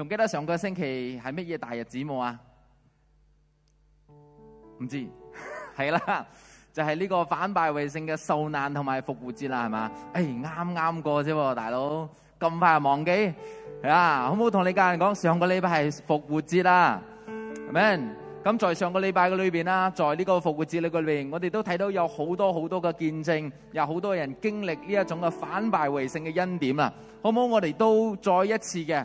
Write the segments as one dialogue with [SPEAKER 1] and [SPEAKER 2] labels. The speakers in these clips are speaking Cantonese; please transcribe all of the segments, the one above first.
[SPEAKER 1] 仲記得上個星期係乜嘢大日子冇啊？唔知係啦，就係呢個反敗為勝嘅受難同埋復活節啦，係嘛？哎，啱啱過啫喎，大佬咁快就忘記係啊？好唔好同你家人講上個禮拜係復活節啦，係咪？咁在上個禮拜嘅裏邊啦，在呢個復活節裏邊，我哋都睇到有好多好多嘅見證，有好多人經歷呢一種嘅反敗為勝嘅恩典啦。好唔好，我哋都再一次嘅。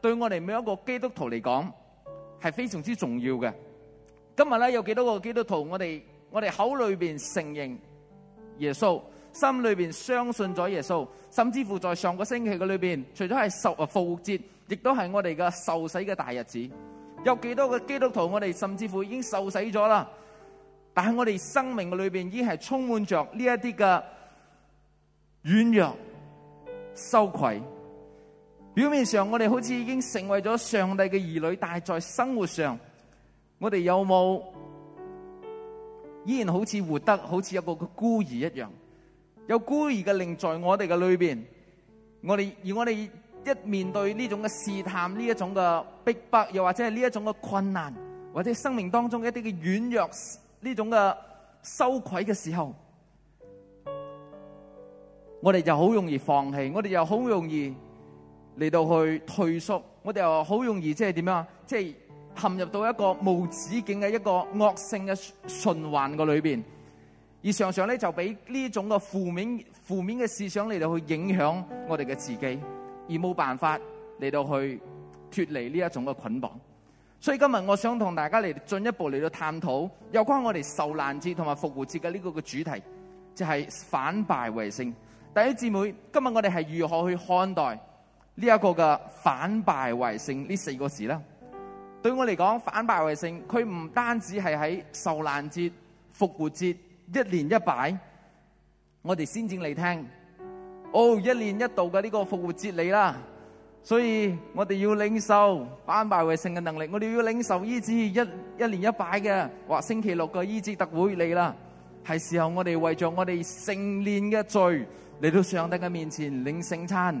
[SPEAKER 1] 對我哋每一個基督徒嚟講，係非常之重要嘅。今日咧有幾多個基督徒，我哋我哋口裏邊承認耶穌，心裏邊相信咗耶穌，甚至乎在上個星期嘅裏邊，除咗係受啊復活節，亦都係我哋嘅受洗嘅大日子。有幾多個基督徒，我哋甚至乎已經受洗咗啦。但係我哋生命嘅裏邊，已經係充滿着呢一啲嘅軟弱、羞愧。表面上我哋好似已經成為咗上帝嘅兒女，但係在生活上，我哋有冇依然好似活得好似一個孤兒一樣？有孤兒嘅靈在我哋嘅裏邊，我哋而我哋一面對呢種嘅試探、呢一種嘅逼迫，又或者係呢一種嘅困難，或者生命當中嘅一啲嘅軟弱、呢種嘅羞愧嘅時候，我哋就好容易放棄，我哋就好容易。嚟到去退縮，我哋又好容易，即係點樣啊？即係陷入到一個無止境嘅一個惡性嘅循環嘅裏邊，而常常咧就俾呢種嘅負面負面嘅思想嚟到去影響我哋嘅自己，而冇辦法嚟到去脫離呢一種嘅捆綁。所以今日我想同大家嚟進一步嚟到探討有關我哋受難節同埋復活節嘅呢個嘅主題，就係反敗為勝。第一姊妹，今日我哋係如何去看待？呢一個嘅反敗為勝呢四個字啦，對我嚟講，反敗為勝，佢唔單止係喺受難節、復活節一年一擺，我哋先至嚟聽。哦，一年一、oh, 一年一度嘅呢個復活節嚟啦，所以我哋要領受反敗為勝嘅能力，我哋要領受醫治一一年一擺嘅或星期六嘅醫治特會嚟啦。係時候我哋為咗我哋成年嘅罪嚟到上帝嘅面前領聖餐。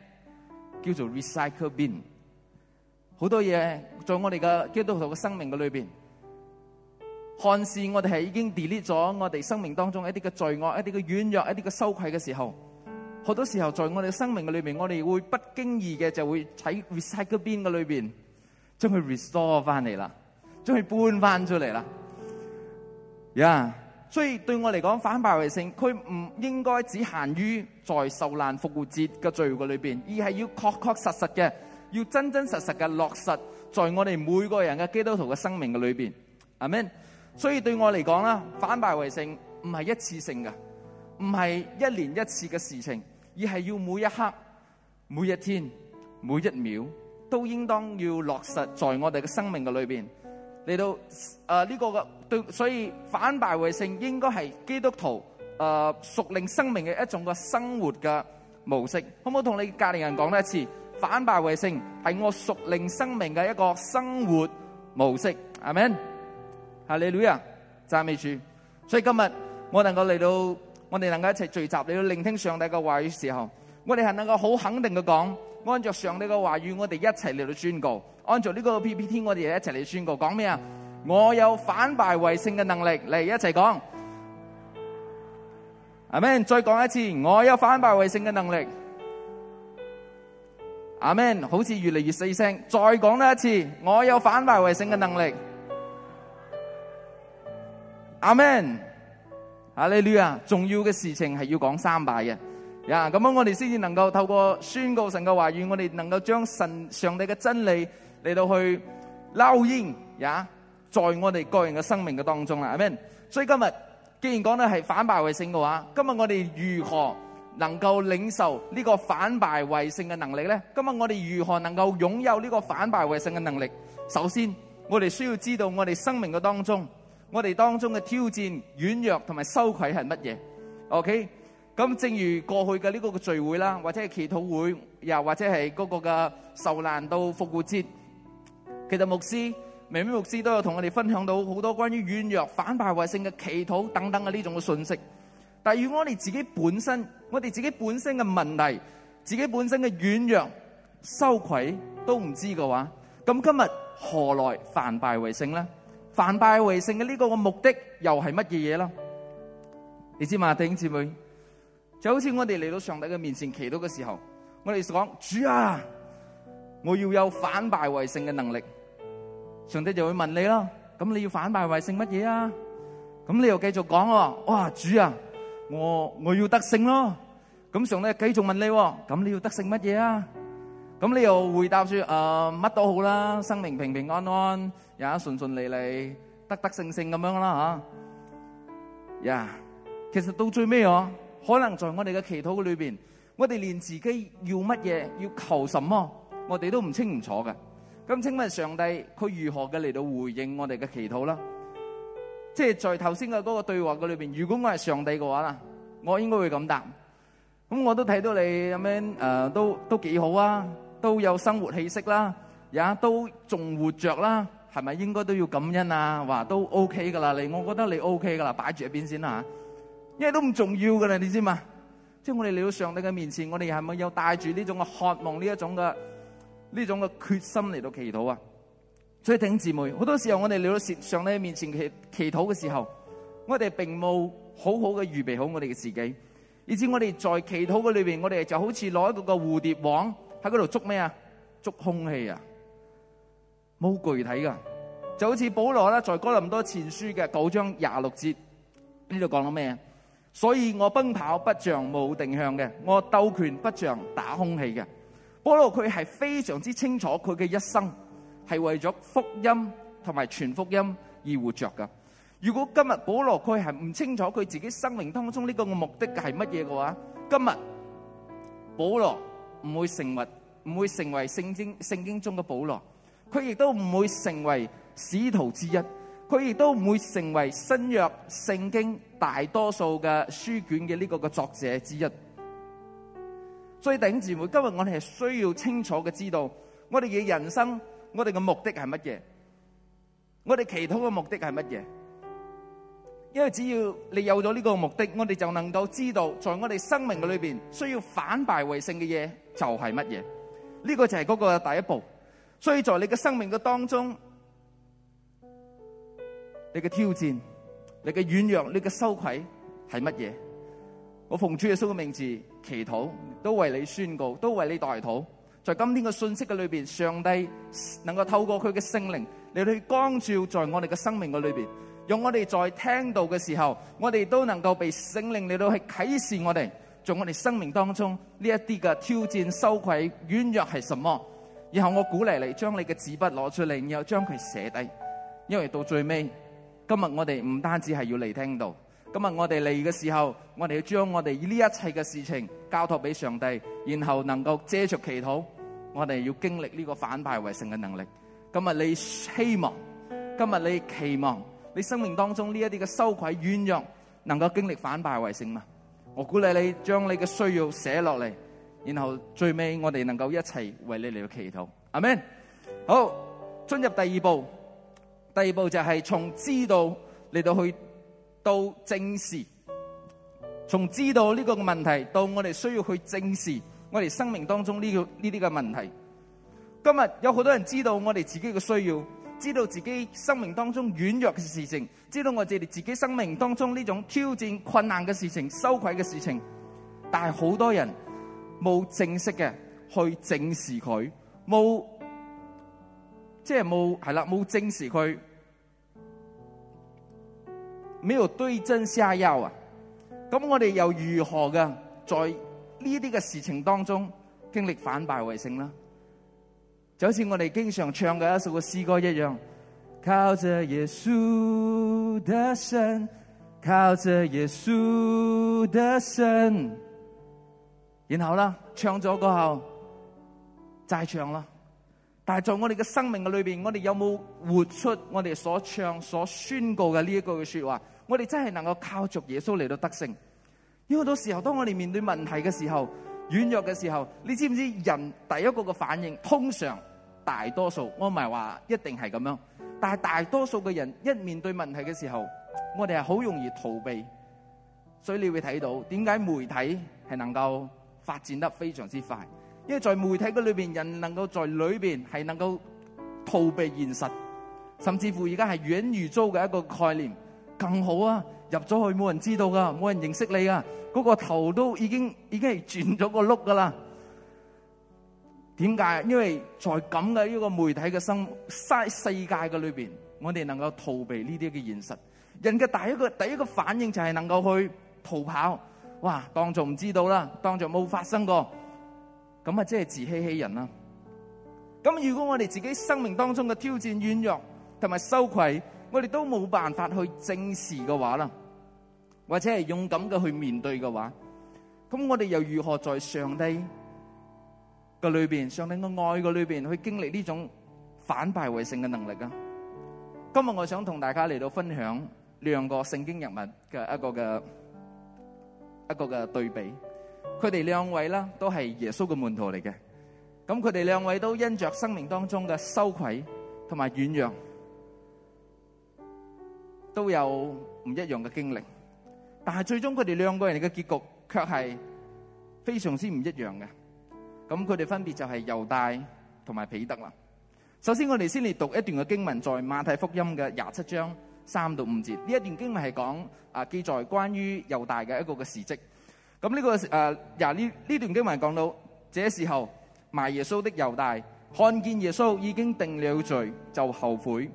[SPEAKER 1] 叫做 Recycle Bin，好多嘢在我哋嘅基督徒嘅生命嘅裏邊，看似我哋係已經 delete 咗我哋生命當中一啲嘅罪惡、一啲嘅軟弱、一啲嘅羞愧嘅時候，好多時候在我哋嘅生命嘅裏邊，我哋會不經意嘅就會喺 Recycle Bin 嘅裏邊，將佢 restore 翻嚟啦，將佢搬翻出嚟啦，呀！所以對我嚟講，反敗為勝，佢唔應該只限於在受難復活節嘅聚會裏面，而係要確確實實嘅，要真真實實嘅落實在我哋每個人嘅基督徒嘅生命嘅裏面。阿們？所以對我嚟講啦，反敗為勝唔係一次性嘅，唔係一年一次嘅事情，而係要每一刻、每一天、每一秒都應當要落實在我哋嘅生命嘅裏面。嚟到啊呢個嘅對，所以反敗為勝應該係基督徒啊屬靈生命嘅一種嘅生活嘅模式，可唔可以同你隔籬人講多一次，反敗為勝係我屬靈生命嘅一個生活模式，阿門。啊你女啊，讚美主！所以今日我能夠嚟到，我哋能夠一齊聚集嚟到聆聽上帝嘅話嘅時候，我哋係能夠好肯定嘅講。按照上帝的話語，我哋一齊嚟到宣告。按照呢個 PPT，我哋一齊嚟宣告。講咩啊？我有反敗為勝嘅能力，嚟一齊講。阿 Man 再講一次，我有反敗為勝嘅能力。阿 Man 好似越嚟越細聲。再講多一次，我有反敗為勝嘅能力。阿 Man 哈利路亞，Hallelujah! 重要嘅事情係要講三拜嘅。呀，咁樣，yeah, 我哋先至能夠透過宣告神嘅話語，我哋能夠將神上帝嘅真理嚟到去撈煙呀，yeah? 在我哋個人嘅生命嘅當中啦，係咪？所以今日既然講咧係反敗為勝嘅話，今日我哋如何能夠領受呢個反敗為勝嘅能力咧？今日我哋如何能夠擁有呢個反敗為勝嘅能力？首先，我哋需要知道我哋生命嘅當中，我哋當中嘅挑戰、軟弱同埋羞愧係乜嘢？OK。咁正如過去嘅呢個嘅聚會啦，或者係祈禱會，又或者係嗰個嘅受難到復活節，其實牧師、妹妹牧師都有同我哋分享到好多關於軟弱、反敗為勝嘅祈禱等等嘅呢種嘅信息。但係如果我哋自己本身，我哋自己本身嘅問題、自己本身嘅軟弱、羞愧都唔知嘅話，咁今日何來反敗為勝呢？反敗為勝嘅呢個嘅目的又係乜嘢嘢啦？你知嘛，弟兄姊妹？就好似我哋嚟到上帝嘅面前祈禱嘅時候，我哋講主啊，我要有反敗為勝嘅能力。上帝就會問你咯，咁你要反敗為勝乜嘢啊？咁你又繼續講喎，哇，主啊，我我要得勝咯。咁上帝繼續問你，咁你要得勝乜嘢啊？咁你又回答說，啊乜都好啦，生命平平安安，也順順利利，得得勝勝咁樣啦嚇。呀，其實到最尾哦。可能在我哋嘅祈禱裏邊，我哋連自己要乜嘢，要求什麼，我哋都唔清唔楚嘅。咁請問上帝佢如何嘅嚟到回應我哋嘅祈禱啦？即係在頭先嘅嗰個對話裏邊，如果我係上帝嘅話啦，我應該會咁答。咁我都睇到你咁樣誒，都都幾好啊，都有生活氣息啦，也都仲活着啦，係咪應該都要感恩啊？話都 OK 噶啦，你我覺得你 OK 噶啦，擺住一邊先啦吓。啊因為都唔重要噶啦，你知嘛？即係我哋嚟到上帝嘅面前，我哋係咪有帶住呢種嘅渴望、呢一種嘅呢種嘅決心嚟到祈禱啊？所以弟兄姊妹，好多時候我哋嚟到上帝面前祈祈禱嘅時候，我哋並冇好好嘅預備好我哋嘅時機，而且我哋在祈禱嘅裏邊，我哋就好似攞一個蝴蝶網喺嗰度捉咩啊？捉空氣啊！冇好具體噶，就好似保羅咧，在哥林多前書嘅九章廿六節呢度講到咩？所以我奔跑不像冇定向嘅，我鬥拳不像打空氣嘅。保羅佢係非常之清楚佢嘅一生係為咗福音同埋全福音而活着噶如果今日保羅佢係唔清楚佢自己生命當中呢個嘅目的係乜嘢嘅話，今日保羅唔會成為唔會成為聖經聖經中嘅保羅，佢亦都唔會成為使徒之一，佢亦都唔會成為新約聖經。大多數嘅書卷嘅呢個嘅作者之一，所以弟兄姊妹，今日我哋係需要清楚嘅知道，我哋嘅人生，我哋嘅目的係乜嘢？我哋祈禱嘅目的係乜嘢？因為只要你有咗呢個目的，我哋就能夠知道，在我哋生命裏邊需要反敗為勝嘅嘢就係乜嘢？呢個就係嗰個第一步。所以在你嘅生命嘅當中，你嘅挑戰。你嘅軟弱，你嘅羞愧係乜嘢？我奉主耶穌嘅名字祈禱，都為你宣告，都為你代禱。在今天嘅信息嘅裏邊，上帝能夠透過佢嘅聖靈嚟到去光照在我哋嘅生命嘅裏邊，讓我哋在聽到嘅時候，我哋都能夠被聖靈嚟到去啟示我哋，在我哋生命當中呢一啲嘅挑戰、羞愧、軟弱係什麼。然後我鼓勵你，將你嘅紙筆攞出嚟，然後將佢寫低，因為到最尾。今日我哋唔單止係要嚟，聽到，今日我哋嚟嘅時候，我哋要將我哋呢一切嘅事情交托俾上帝，然後能夠藉着祈禱，我哋要經歷呢個反敗為勝嘅能力。今日你希望，今日你期望，你生命當中呢一啲嘅羞愧軟弱，能夠經歷反敗為勝嘛？我鼓勵你將你嘅需要寫落嚟，然後最尾我哋能夠一齊為你嚟到祈禱。阿門，好，進入第二步。第二步就係從知道嚟到去到正視，從知道呢個問題到我哋需要去正視我哋生命當中呢、這個呢啲嘅問題。今日有好多人知道我哋自己嘅需要，知道自己生命當中軟弱嘅事情，知道我哋哋自己生命當中呢種挑戰困難嘅事情、羞愧嘅事情，但係好多人冇正式嘅去正視佢冇。即係冇係啦，冇正視佢，沒有對症下藥啊！咁我哋又如何噶？在呢啲嘅事情當中，經歷反敗為勝啦，就好似我哋經常唱嘅一首嘅詩歌一樣靠，靠着耶穌的身，靠着耶穌的身，然後啦，唱咗過後，再唱啦。但係在我哋嘅生命嘅裏邊，我哋有冇活出我哋所唱、所宣告嘅呢一句嘅說話？我哋真係能夠靠着耶穌嚟到得勝。因為到時候，當我哋面對問題嘅時候、軟弱嘅時候，你知唔知人第一個嘅反應通常大多數？我唔係話一定係咁樣，但係大多數嘅人一面對問題嘅時候，我哋係好容易逃避。所以你會睇到點解媒體係能夠發展得非常之快。因為在媒體嘅裏邊，人能夠在裏邊係能夠逃避現實，甚至乎而家係遠如租嘅一個概念更好啊！入咗去冇人知道噶，冇人認識你啊！嗰個頭都已經已經係轉咗個碌噶啦。點解？因為在咁嘅呢個媒體嘅生活世界嘅裏邊，我哋能夠逃避呢啲嘅現實。人嘅第一個第一個反應就係能夠去逃跑，哇！當作唔知道啦，當作冇發生過。咁啊，即係自欺欺人啦！咁如果我哋自己生命當中嘅挑戰、軟弱同埋羞愧，我哋都冇辦法去正視嘅話啦，或者係勇敢嘅去面對嘅話，咁我哋又如何在上帝嘅裏邊、上帝嘅愛嘅裏邊去經歷呢種反敗為勝嘅能力啊？今日我想同大家嚟到分享兩個聖經人物嘅一個嘅一個嘅對比。佢哋兩位啦，都係耶穌嘅門徒嚟嘅。咁佢哋兩位都因着生命當中嘅羞愧同埋軟弱，都有唔一樣嘅經歷。但係最終佢哋兩個人嘅結局卻係非常之唔一樣嘅。咁佢哋分別就係猶大同埋彼得啦。首先我哋先嚟讀一段嘅經文，在馬太福音嘅廿七章三到五節。呢一段經文係講啊，記載關於猶大嘅一個嘅事蹟。咁呢個誒，嗱呢呢段經文講到，這時候賣耶穌的猶大看見耶穌已經定了罪，就後悔，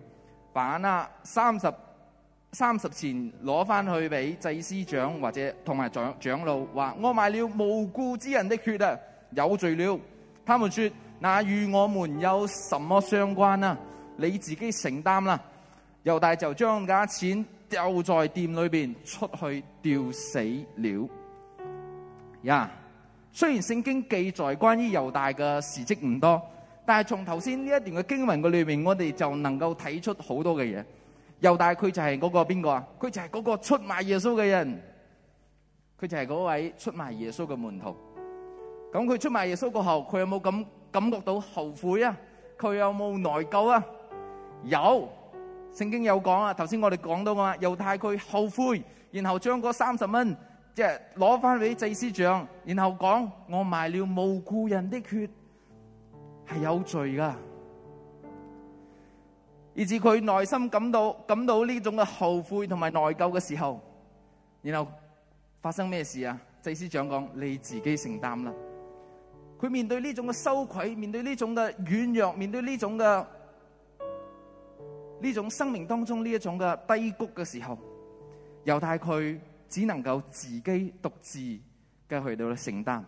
[SPEAKER 1] 把那三十三十錢攞翻去俾祭司長或者同埋長，長老，話我賣了無辜之人的血啊，有罪了。他們說：那與我們有什麼相關啊？你自己承擔啦。猶大就將啲錢丟在店裏面出去吊死了。呀，yeah. 雖然聖經記載關於猶大嘅事蹟唔多，但係從頭先呢一段嘅經文嘅裏面，我哋就能夠睇出好多嘅嘢。猶大佢就係嗰個邊個啊？佢就係嗰個出賣耶穌嘅人，佢就係嗰位出賣耶穌嘅門徒。咁佢出賣耶穌過後，佢有冇感感覺到後悔啊？佢有冇內疚啊？有，聖經有講啊。頭先我哋講到噶嘛，猶大佢後悔，然後將嗰三十蚊。即係攞翻俾祭司長，然後講，我賣了無辜人的血係有罪噶。以至佢內心感到感到呢種嘅後悔同埋內疚嘅時候，然後發生咩事啊？祭司長講，你自己承擔啦。佢面對呢種嘅羞愧，面對呢種嘅軟弱，面對呢種嘅呢種生命當中呢一種嘅低谷嘅時候，猶大佢。只能夠自己獨自嘅去到承擔，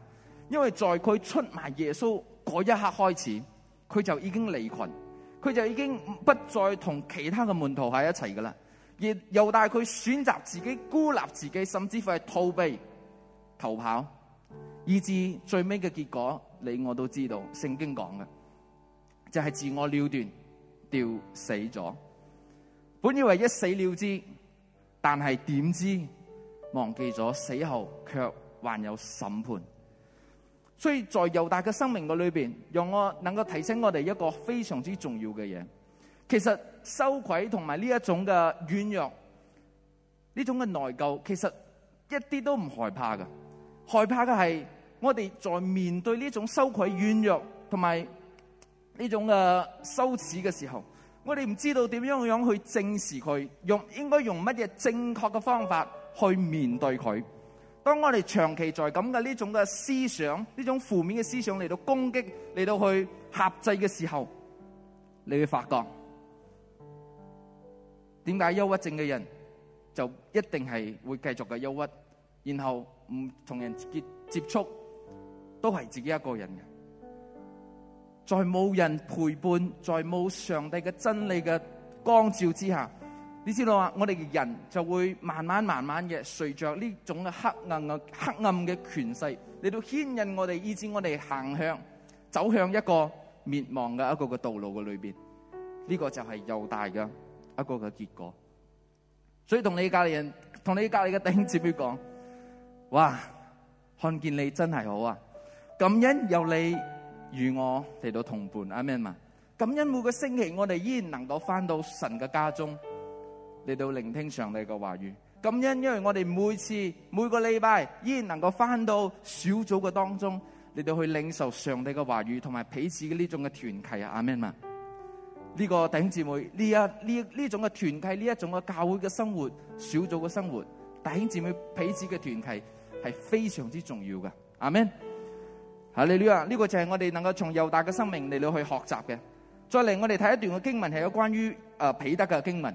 [SPEAKER 1] 因為在佢出賣耶穌嗰一刻開始，佢就已經離群，佢就已經不再同其他嘅門徒喺一齊噶啦。而又帶佢選擇自己孤立自己，甚至係逃避逃跑，以至最尾嘅結果，你我都知道，聖經講嘅就係、是、自我了斷，吊死咗。本以為一死了之，但係點知？忘記咗死後卻還有審判，所以在猶大嘅生命嘅裏邊，讓我能夠提醒我哋一個非常之重要嘅嘢。其實羞愧同埋呢一種嘅軟弱，呢種嘅內疚，其實一啲都唔害怕嘅。害怕嘅係我哋在面對呢種羞愧、軟弱同埋呢種嘅羞恥嘅時候，我哋唔知道點樣樣去正視佢，用應該用乜嘢正確嘅方法。去面對佢。當我哋長期在咁嘅呢種嘅思想、呢種負面嘅思想嚟到攻擊、嚟到去挾制嘅時候，你會發覺，點解憂鬱症嘅人就一定係會繼續嘅憂鬱，然後唔同人接接觸，都係自己一個人嘅，在冇人陪伴，在冇上帝嘅真理嘅光照之下。你知道啊，我哋嘅人就會慢慢慢慢嘅，隨着呢種嘅黑暗嘅黑暗嘅權勢嚟到牽引我哋，以至我哋行向走向一個滅亡嘅、這個、一個嘅道路嘅裏邊。呢個就係又大嘅一個嘅結果。所以同你隔籬人，同你隔籬嘅弟兄姊妹講：哇，看見你真係好啊！感恩有你與我嚟到同伴，阿們嘛。感恩每個星期我哋依然能夠返到神嘅家中。嚟到聆聽上帝嘅話語，咁因因為我哋每次每個禮拜依然能夠翻到小組嘅當中嚟到去領受上帝嘅話語，同埋彼此嘅呢種嘅團契啊！阿們啊，呢個弟兄姊妹呢一呢呢種嘅團契，呢一種嘅教會嘅生活，小組嘅生活，弟兄姊妹彼此嘅團契係非常之重要嘅。阿們，啊，李呂啊，呢個就係我哋能夠從猶大嘅生命嚟到去學習嘅。再嚟我哋睇一段嘅經文，係有關於誒彼得嘅經文。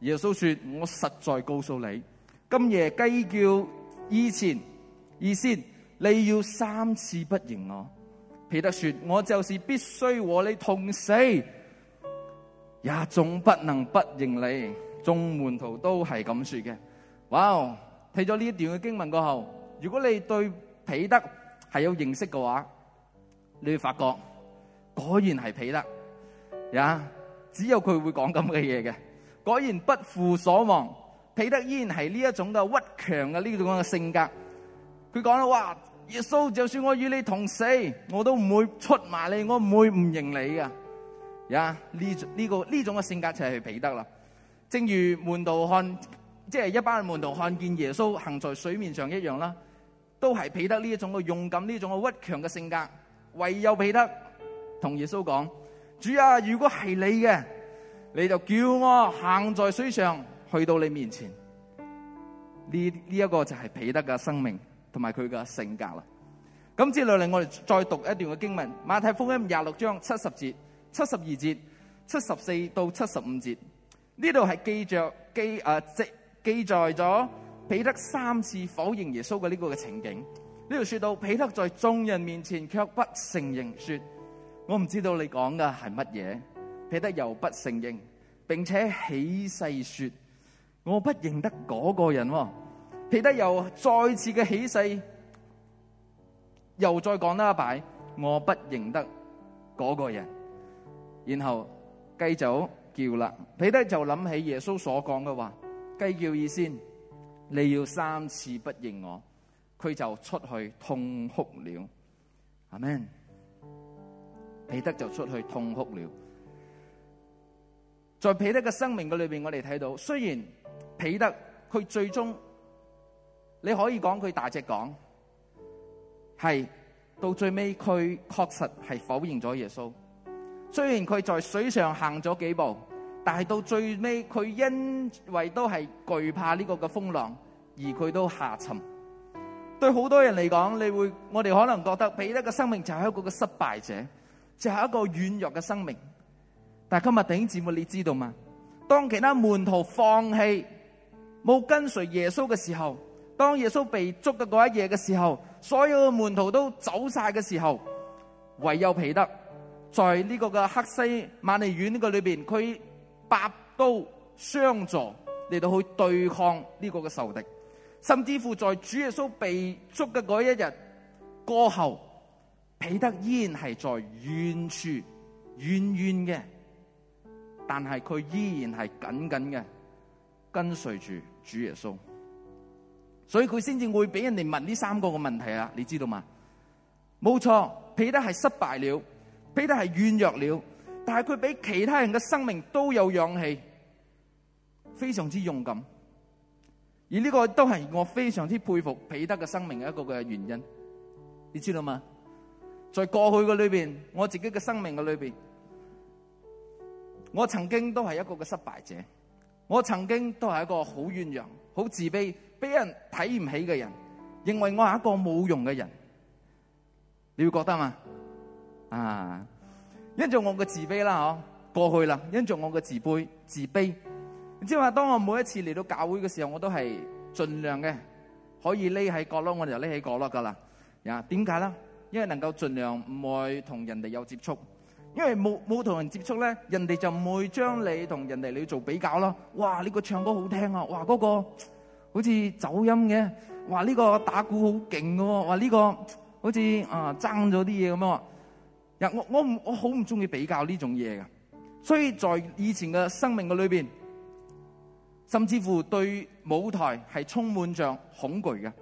[SPEAKER 1] 耶穌說，我實在告訴你，今夜雞叫以前以先你要三次不認我。彼得說，我就是必須和你同死，也總不能不認你。眾門徒都係咁說嘅。哇，睇咗呢一段嘅經文過後，如果你對彼得係有認識嘅話，你會發覺果然係彼得呀，只有佢會講咁嘅嘢嘅。果然不負所望，彼得依然係呢一種嘅屈強嘅呢種咁嘅性格。佢講：哇，耶穌，就算我與你同死，我都唔會出賣你，我唔會唔認你嘅。呀、yeah，呢、這、呢個呢種嘅性格就係彼得啦。正如門徒看，即、就、係、是、一班門徒看見耶穌行在水面上一樣啦，都係彼得呢一種嘅勇敢、呢種嘅屈強嘅性格。唯有彼得同耶穌講：主啊，如果係你嘅。你就叫我行在水上，去到你面前。呢呢一個就係彼得嘅生命同埋佢嘅性格啦。咁接落嚟我哋再讀一段嘅經文，馬太福音廿六章七十節、七十二節、七十四到七十五節，呢度係記着記記載咗彼得三次否認耶穌嘅呢個嘅情景。呢度說到彼得在眾人面前卻不承認，說我唔知道你講嘅係乜嘢。彼得又不承認，並且起誓說：我不認得嗰個人、哦。彼得又再次嘅起誓，又再講得一擺：我不認得嗰個人。然後雞就叫啦，彼得就諗起耶穌所講嘅話：雞叫以先，你要三次不認我，佢就出去痛哭了。阿門，彼得就出去痛哭了。在彼得嘅生命嘅裏邊，我哋睇到，雖然彼得佢最終，你可以講佢大隻講，係到最尾佢確實係否認咗耶穌。雖然佢在水上行咗幾步，但係到最尾佢因為都係懼怕呢個嘅風浪，而佢都下沉。對好多人嚟講，你會我哋可能覺得彼得嘅生命就係一個嘅失敗者，就係一個軟弱嘅生命。但係今日頂住姊妹，你知道嘛？當其他門徒放棄、冇跟隨耶穌嘅時候，當耶穌被捉嘅嗰一夜嘅時候，所有嘅門徒都走晒嘅時候，唯有彼得在呢個嘅黑西瑪利園呢個裏邊，佢拔刀相助嚟到去對抗呢個嘅仇敵，甚至乎在主耶穌被捉嘅嗰一日過後，彼得依然係在遠處遠遠嘅。但係佢依然係緊緊嘅跟隨住主耶穌，所以佢先至會俾人哋問呢三個嘅問題啊！你知道嗎？冇錯，彼得係失敗了，彼得係軟弱了，但係佢比其他人嘅生命都有勇氣，非常之勇敢。而呢個都係我非常之佩服彼得嘅生命嘅一個嘅原因，你知道嗎？在過去嘅裏邊，我自己嘅生命嘅裏邊。我曾經都係一個嘅失敗者，我曾經都係一個好軟弱、好自卑、俾人睇唔起嘅人，認為我係一個冇用嘅人，你會覺得嘛？啊，因着我嘅自卑啦，嗬、啊，過去啦，因着我嘅自卑、自卑，即係話當我每一次嚟到教會嘅時候，我都係盡量嘅可以匿喺角落，我就匿喺角落噶啦。啊，點解咧？因為能夠盡量唔會同人哋有接觸。因為冇冇同人接觸咧，人哋就唔會將你同人哋你做比較咯。哇！呢個唱歌好聽啊！哇！嗰個好似走音嘅。哇！呢個打鼓好勁嘅喎。哇！呢個好似啊爭咗啲嘢咁樣。呀、嗯！我我唔我好唔中意比較呢種嘢嘅。所以在以前嘅生命嘅裏邊，甚至乎對舞台係充滿着恐懼嘅，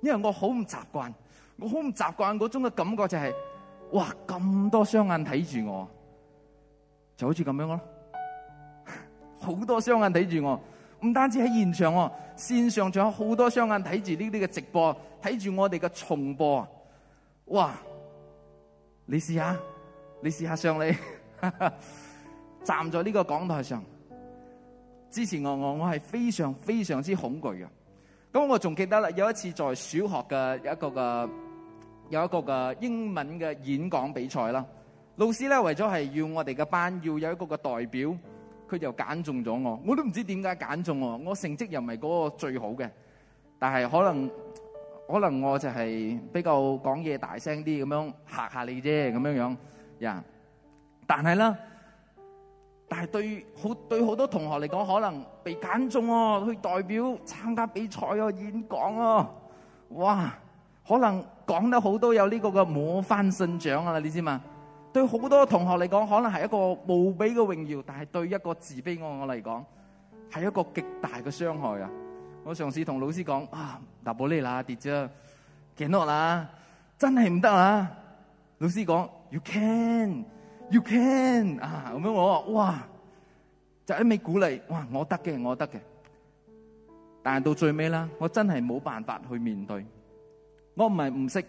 [SPEAKER 1] 因為我好唔習慣，我好唔習慣嗰種嘅感覺就係。哇！咁多雙眼睇住我，就好似咁樣咯，好多雙眼睇住我，唔單止喺現場，線上仲有好多雙眼睇住呢啲嘅直播，睇住我哋嘅重播。哇！你試下，你試下上嚟， 站在呢個講台上之前我，我我係非常非常之恐懼嘅。咁我仲記得啦，有一次在小學嘅一個嘅。有一個嘅英文嘅演講比賽啦，老師咧為咗係要我哋嘅班要有一個嘅代表，佢就揀中咗我，我都唔知點解揀中我，我成績又唔係嗰個最好嘅，但係可能可能我就係比較講嘢大聲啲咁樣吓吓你啫咁樣樣呀，但係咧，但係對好對好多同學嚟講，可能被揀中喎，去代表參加比賽喎，演講喎，哇！可能講得好多有呢個嘅模範生獎啊！你知嘛？對好多同學嚟講，可能係一個無比嘅榮耀，但係對一個自卑嘅我嚟講，係一個極大嘅傷害。我嘗試跟老師說啊！我嘗試同老師講啊，嗱，玻璃啦跌咗，跌落啦，真係唔得啦！老師講，you can，you can 啊！咁樣我話哇，就一味鼓勵，哇，我得嘅，我得嘅。但係到最尾啦，我真係冇辦法去面對。我唔係唔識，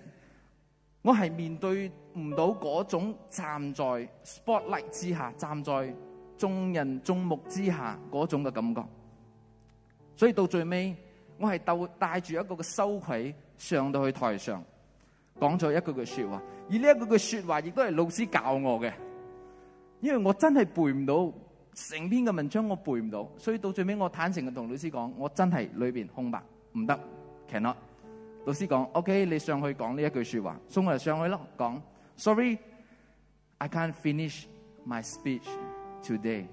[SPEAKER 1] 我係面對唔到嗰種站在 spotlight 之下，站在眾人眾目之下嗰種嘅感覺。所以到最尾，我係斗帶住一個嘅羞愧上到去台上，講咗一句句說話。而呢一句句說話亦都係老師教我嘅，因為我真係背唔到成篇嘅文章，我背唔到。所以到最尾，我坦誠嘅同老師講，我真係裏邊空白，唔得，cannot。老師講，OK，你上去講呢一句說話，所以我就上去咯。講，Sorry，I can't finish my speech today。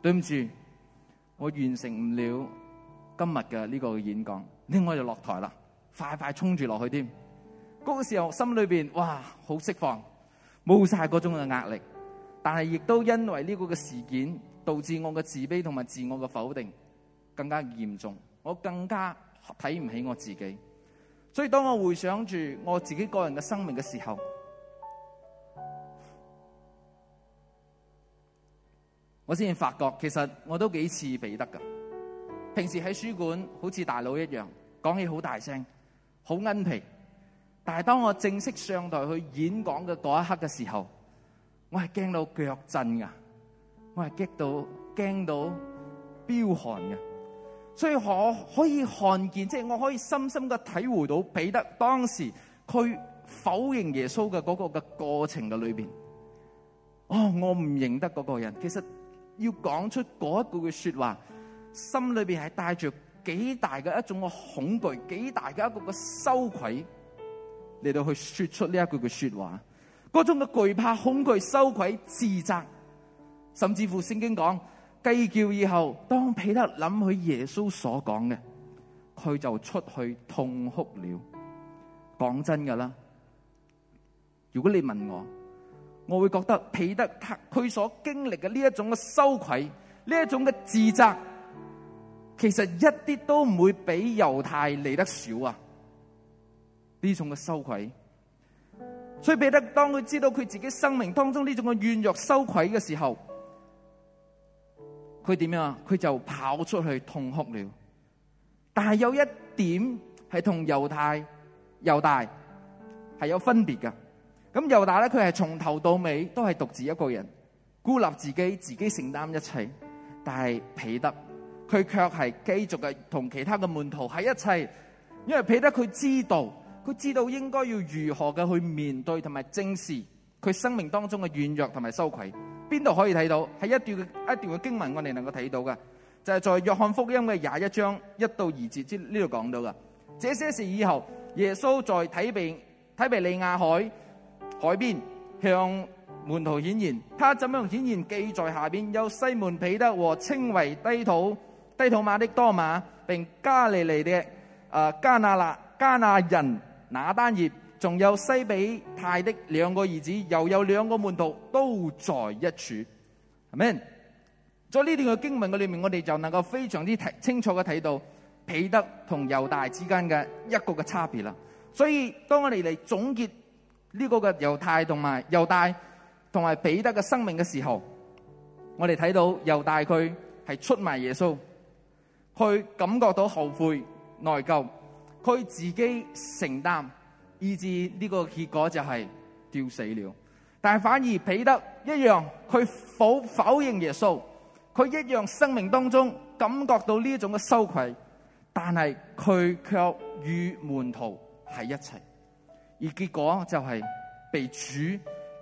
[SPEAKER 1] 對唔住，我完成唔了今日嘅呢個演講，另外就落台啦，快快衝住落去添。嗰個時候心裏邊，哇，好釋放，冇晒嗰種嘅壓力。但係亦都因為呢個嘅事件，導致我嘅自卑同埋自我嘅否定更加嚴重，我更加睇唔起我自己。所以當我回想住我自己個人嘅生命嘅時候，我先至發覺其實我都幾次彼得㗎。平時喺書館好似大佬一樣，講起好大聲，好恩平。但係當我正式上台去演講嘅嗰一刻嘅時候，我係驚到腳震㗎，我係激到驚到飆寒的。所以我可以看見，即係我可以深深嘅體會到彼得當時佢否認耶穌嘅嗰個嘅過程嘅裏邊哦，我唔認得嗰個人。其實要講出嗰一句嘅說話，心裏邊係帶着幾大嘅一種嘅恐懼，幾大嘅一個嘅羞愧，嚟到去說出呢一句嘅說話嗰種嘅懼怕、恐懼羞愧、自責甚至乎聖經講。計叫以後，當彼得諗起耶穌所講嘅，佢就出去痛哭了。講真噶啦，如果你問我，我會覺得彼得他佢所經歷嘅呢一種嘅羞愧，呢一種嘅自責，其實一啲都唔會比猶太嚟得少啊！呢種嘅羞愧，所以彼得當佢知道佢自己生命當中呢種嘅軟弱羞愧嘅時候。佢點樣啊？佢就跑出去痛哭了。但係有一點係同猶太、猶大係有分別噶。咁猶大咧，佢係從頭到尾都係獨自一個人，孤立自己，自己承擔一切。但係彼得，佢卻係繼續嘅同其他嘅門徒喺一齊。因為彼得佢知道，佢知道應該要如何嘅去面對同埋正視佢生命當中嘅軟弱同埋羞愧。邊度可以睇到？係一段一段嘅經文，我哋能夠睇到嘅，就係在約翰福音嘅廿一章一到二節之呢度講到嘅。這些事以後，耶穌在提比提比利亞海海邊向門徒顯現，他怎樣顯現記在下邊。有西門彼得和稱為低土低土馬的多馬，並加利利嘅啊迦拿納迦拿人拿但業。仲有西比太的兩個兒子，又有兩個門徒都在一處，係咪？在呢段嘅經文嘅裏面，我哋就能夠非常之睇清楚嘅睇到彼得同猶大之間嘅一個嘅差別啦。所以當我哋嚟總結呢個嘅猶太同埋猶大同埋彼得嘅生命嘅時候，我哋睇到猶大佢係出賣耶穌，佢感覺到後悔，內疚，佢自己承擔。以致呢個結果就係吊死了，但係反而彼得一樣，佢否否認耶穌，佢一樣生命當中感覺到呢種嘅羞愧，但係佢卻與門徒喺一齊，而結果就係被主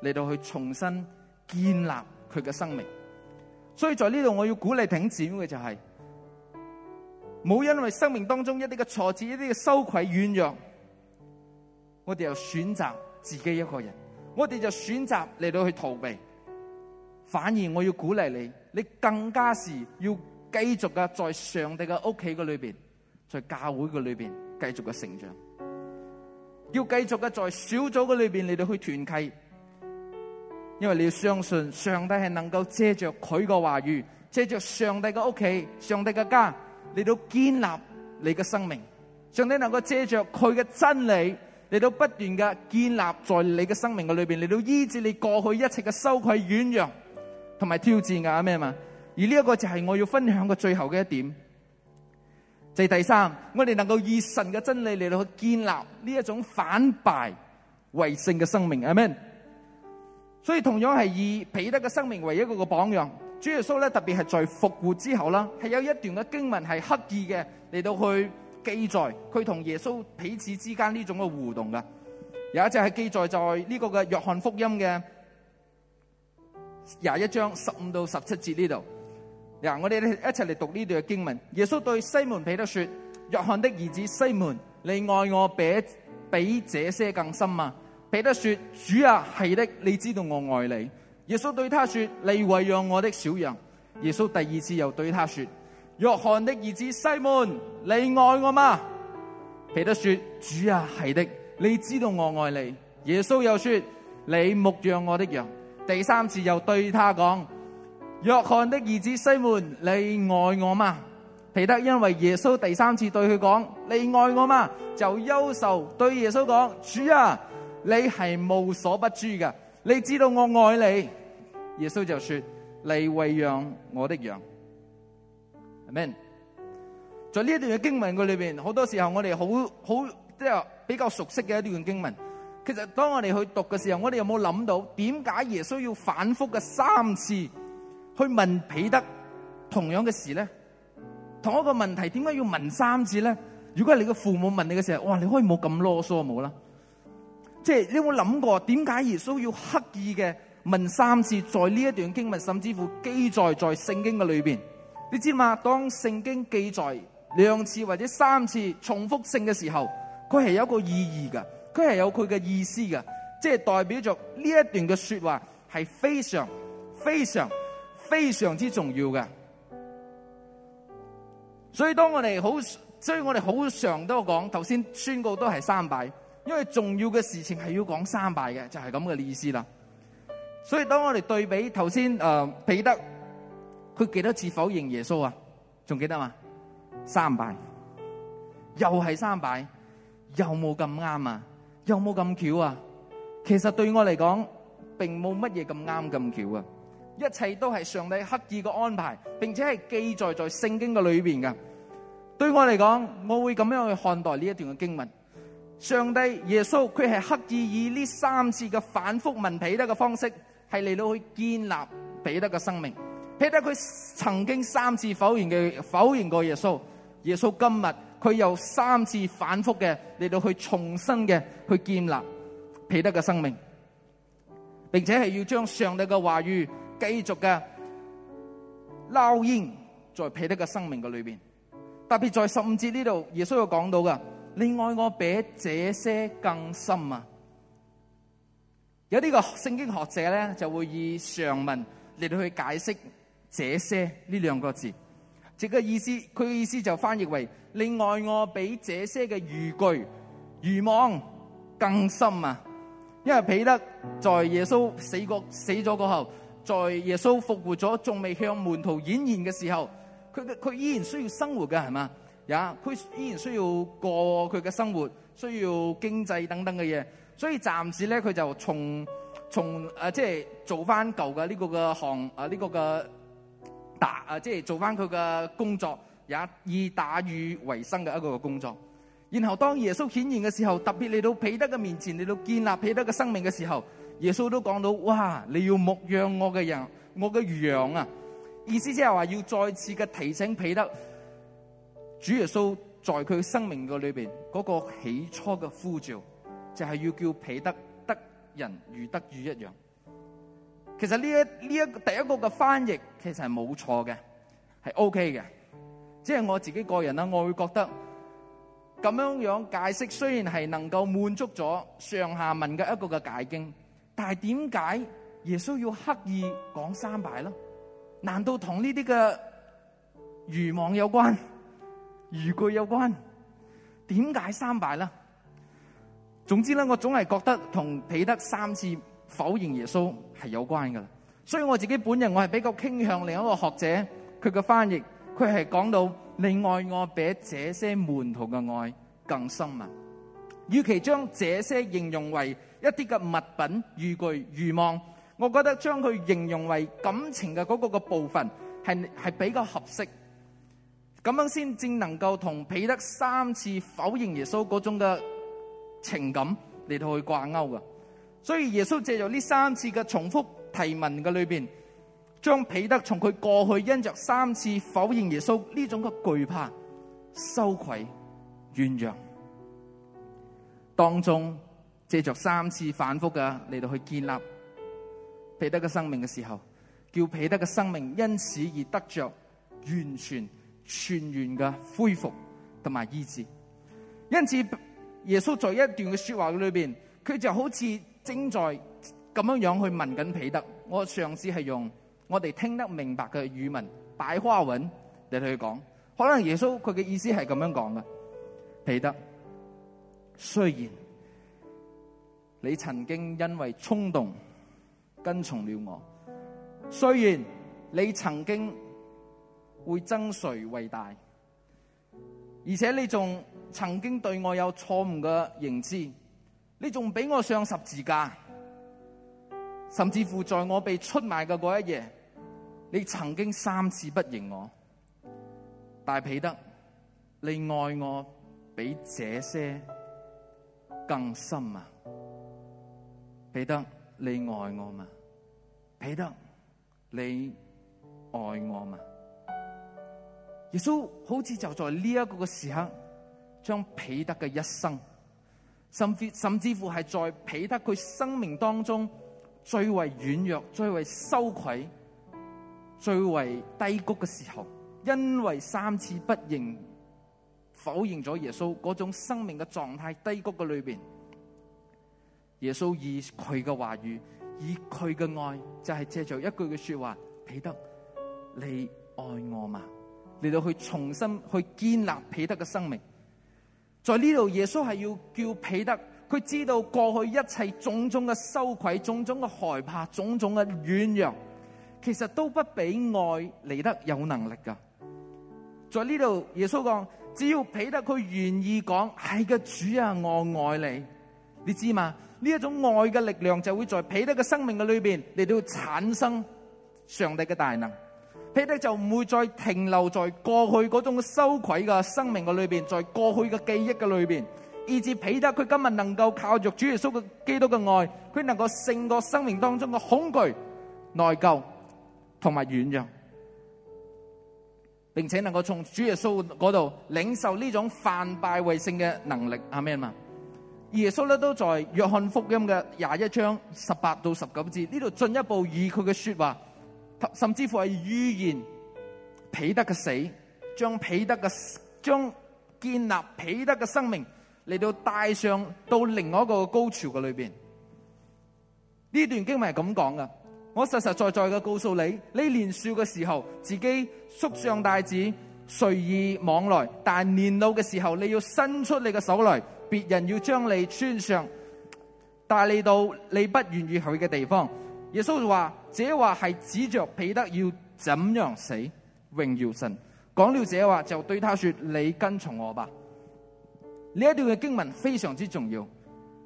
[SPEAKER 1] 嚟到去重新建立佢嘅生命。所以在呢度我要鼓勵弟兄姊妹嘅就係、是，冇因為生命當中一啲嘅挫折、一啲嘅羞愧、軟弱。我哋又選擇自己一個人，我哋就選擇嚟到去逃避。反而我要鼓勵你，你更加是要繼續嘅，在上帝嘅屋企嘅裏邊，在教會嘅裏邊繼續嘅成長，要繼續嘅在小組嘅裏邊，你哋去團契，因為你要相信上帝係能夠借着佢嘅話語，借着上帝嘅屋企、上帝嘅家嚟到建立你嘅生命。上帝能夠借着佢嘅真理。嚟到不斷嘅建立在你嘅生命嘅裏面，嚟到醫治你過去一切嘅羞愧、軟弱同埋挑戰嘅咩嘛？Amen? 而呢一個就係我要分享嘅最後嘅一點，就係、是、第三，我哋能夠以神嘅真理嚟到去建立呢一種反敗為勝嘅生命，係咪？所以同樣係以彼得嘅生命為一個嘅榜樣，主耶穌咧特別係在復活之後啦，係有一段嘅經文係刻意嘅嚟到去。記載佢同耶穌彼此之間呢種嘅互動噶有一隻係記載在呢個嘅約翰福音嘅廿一章十五到十七節呢度。嗱，我哋一齊嚟讀呢段嘅經文。耶穌對西門彼得說：約翰的兒子西門，你愛我比比這些更深嘛？彼得說：主啊，係的，你知道我愛你。耶穌對他說：你餵養我的小羊。耶穌第二次又對他說。約翰的兒子西門，你愛我嗎？彼得說：主啊，係的，你知道我愛你。耶穌又說：你牧養我的羊。第三次又對他講：約翰的兒子西門，你愛我嗎？彼得因為耶穌第三次對佢講你愛我嗎，就憂愁對耶穌講：主啊，你係無所不知嘅，你知道我愛你。耶穌就說：你餵養我的羊。在呢一段嘅經文嘅裏邊，好多時候我哋好好即係比較熟悉嘅一段經文。其實當我哋去讀嘅時候，我哋有冇諗到點解耶穌要反覆嘅三次去問彼得同樣嘅事咧？同一個問題，點解要問三次咧？如果係你嘅父母問你嘅時候，哇，你可以冇咁囉嗦，冇啦。即係你有冇諗過點解耶穌要刻意嘅問三次？在呢一段經文，甚至乎記載在聖經嘅裏邊。你知嘛？當聖經記載兩次或者三次重複性嘅時候，佢係有一個意義嘅，佢係有佢嘅意思嘅，即係代表着呢一段嘅說話係非常、非常、非常之重要嘅。所以當我哋好，所以我哋好常都講，頭先宣告都係三拜，因為重要嘅事情係要講三拜嘅，就係咁嘅意思啦。所以當我哋對比頭先誒彼得。佢幾多次否認耶穌啊？仲記得嘛？三擺，又係三擺，有冇咁啱啊？有冇咁巧啊？其實對我嚟講並冇乜嘢咁啱咁巧啊！一切都係上帝刻意嘅安排，並且係記載在聖經嘅裏邊㗎。對我嚟講，我會咁樣去看待呢一段嘅經文。上帝耶穌佢係刻意以呢三次嘅反覆問彼得嘅方式，係嚟到去建立彼得嘅生命，彼得佢曾經三次否認嘅否認過耶穌，耶穌今日佢又三次反覆嘅嚟到去重新嘅去建立彼得嘅生命，並且係要將上帝嘅話語繼續嘅撈煙在彼得嘅生命嘅裏邊，特別在十五節呢度，耶穌有講到噶，你愛我比這些更深啊！有呢個聖經學者咧，就會以上文嚟到去解釋。這些呢兩個字，這個意思，佢嘅意思就翻譯為另外我比這些嘅漁具、漁網更深啊！因為彼得在耶穌死過，死咗過後，在耶穌復活咗仲未向門徒顯現嘅時候，佢嘅佢依然需要生活嘅係嘛？也佢依然需要過佢嘅生活，需要經濟等等嘅嘢，所以暫時咧佢就從從誒、啊、即係做翻舊嘅呢個嘅行啊呢、呢個嘅。打啊！即係做翻佢嘅工作，也以打魚為生嘅一個工作。然後當耶穌顯現嘅時候，特別嚟到彼得嘅面前，嚟到建立彼得嘅生命嘅時候，耶穌都講到：哇！你要牧養我嘅人，我嘅魚羊啊！意思即係話要再次嘅提醒彼得，主耶穌在佢生命嘅裏邊嗰、那個起初嘅呼召，就係、是、要叫彼得得人如得魚一樣。其實呢一呢一第一個嘅翻譯。其實係冇錯嘅，係 O K 嘅。即係我自己個人啦，我會覺得咁樣樣解釋雖然係能夠滿足咗上下文嘅一個嘅解經，但係點解耶穌要刻意講三拜咧？難道同呢啲嘅漁網有關、漁具有關？點解三拜啦？總之咧，我總係覺得同彼得三次否認耶穌係有關噶啦。所以我自己本人，我係比較傾向另一個學者，佢嘅翻譯，佢係講到你愛我，比這些門徒嘅愛更深啊！與其將這些形容為一啲嘅物品、器具、慾望，我覺得將佢形容為感情嘅嗰個嘅部分，係係比較合適。咁樣先至能夠同彼得三次否認耶穌嗰種嘅情感嚟到去掛鈎嘅。所以耶穌藉由呢三次嘅重複，提問嘅裏邊，將彼得從佢過去因着三次否認耶穌呢種嘅懼怕、羞愧、軟弱當中，借着三次反復嘅嚟到去建立彼得嘅生命嘅時候，叫彼得嘅生命因此而得着完全全員嘅恢復同埋醫治。因此，耶穌在一段嘅說話嘅裏邊，佢就好似正在。咁樣樣去問緊彼得，我上次係用我哋聽得明白嘅語文擺花韻嚟去講，可能耶穌佢嘅意思係咁樣講嘅。彼得，雖然你曾經因為衝動跟從了我，雖然你曾經會爭誰為大，而且你仲曾經對我有錯誤嘅認知，你仲俾我上十字架。甚至乎在我被出賣嘅嗰一夜，你曾經三次不認我，但係彼得，你愛我比這些更深啊！彼得，你愛我嘛？彼得，你愛我嘛？耶穌好似就在呢一個嘅時刻，將彼得嘅一生，甚至甚至乎係在彼得佢生命當中。最為軟弱、最為羞愧、最為低谷嘅時候，因為三次不認、否認咗耶穌嗰種生命嘅狀態低谷嘅裏邊，耶穌以佢嘅話語、以佢嘅愛，就係、是、借着一句嘅說話，彼得，你愛我嘛？嚟到去重新去建立彼得嘅生命。在呢度，耶穌係要叫彼得。佢知道過去一切種種嘅羞愧、種種嘅害怕、種種嘅軟弱，其實都不比愛嚟得有能力噶。在呢度，耶穌講，只要彼得佢願意講，係個主啊，我愛你，你知嘛？呢一種愛嘅力量就會在彼得嘅生命嘅裏邊嚟到產生上帝嘅大能。彼得就唔會再停留在過去嗰種羞愧嘅生命嘅裏邊，在過去嘅記憶嘅裏邊。以至彼得佢今日能夠靠着主耶穌嘅基督嘅愛，佢能夠勝過生命當中嘅恐懼、內疚同埋軟弱，並且能夠從主耶穌嗰度領受呢種反敗為勝嘅能力。係咩啊嘛？耶穌咧都在約翰福音嘅廿一章十八到十九節呢度進一步以佢嘅說話，甚至乎係預言彼得嘅死，將彼得嘅將建立彼得嘅生命。嚟到帶上到另外一個高潮嘅裏邊，呢段經文係咁講嘅。我實實在在嘅告訴你，你年少嘅時候自己縮上帶子隨意往來，但年老嘅時候你要伸出你嘅手來，別人要將你穿上帶你到你不願意去嘅地方。耶穌就話：，這話係指着彼得要怎樣死，榮耀神。講了這話就對他說：，你跟從我吧。呢一段嘅經文非常之重要，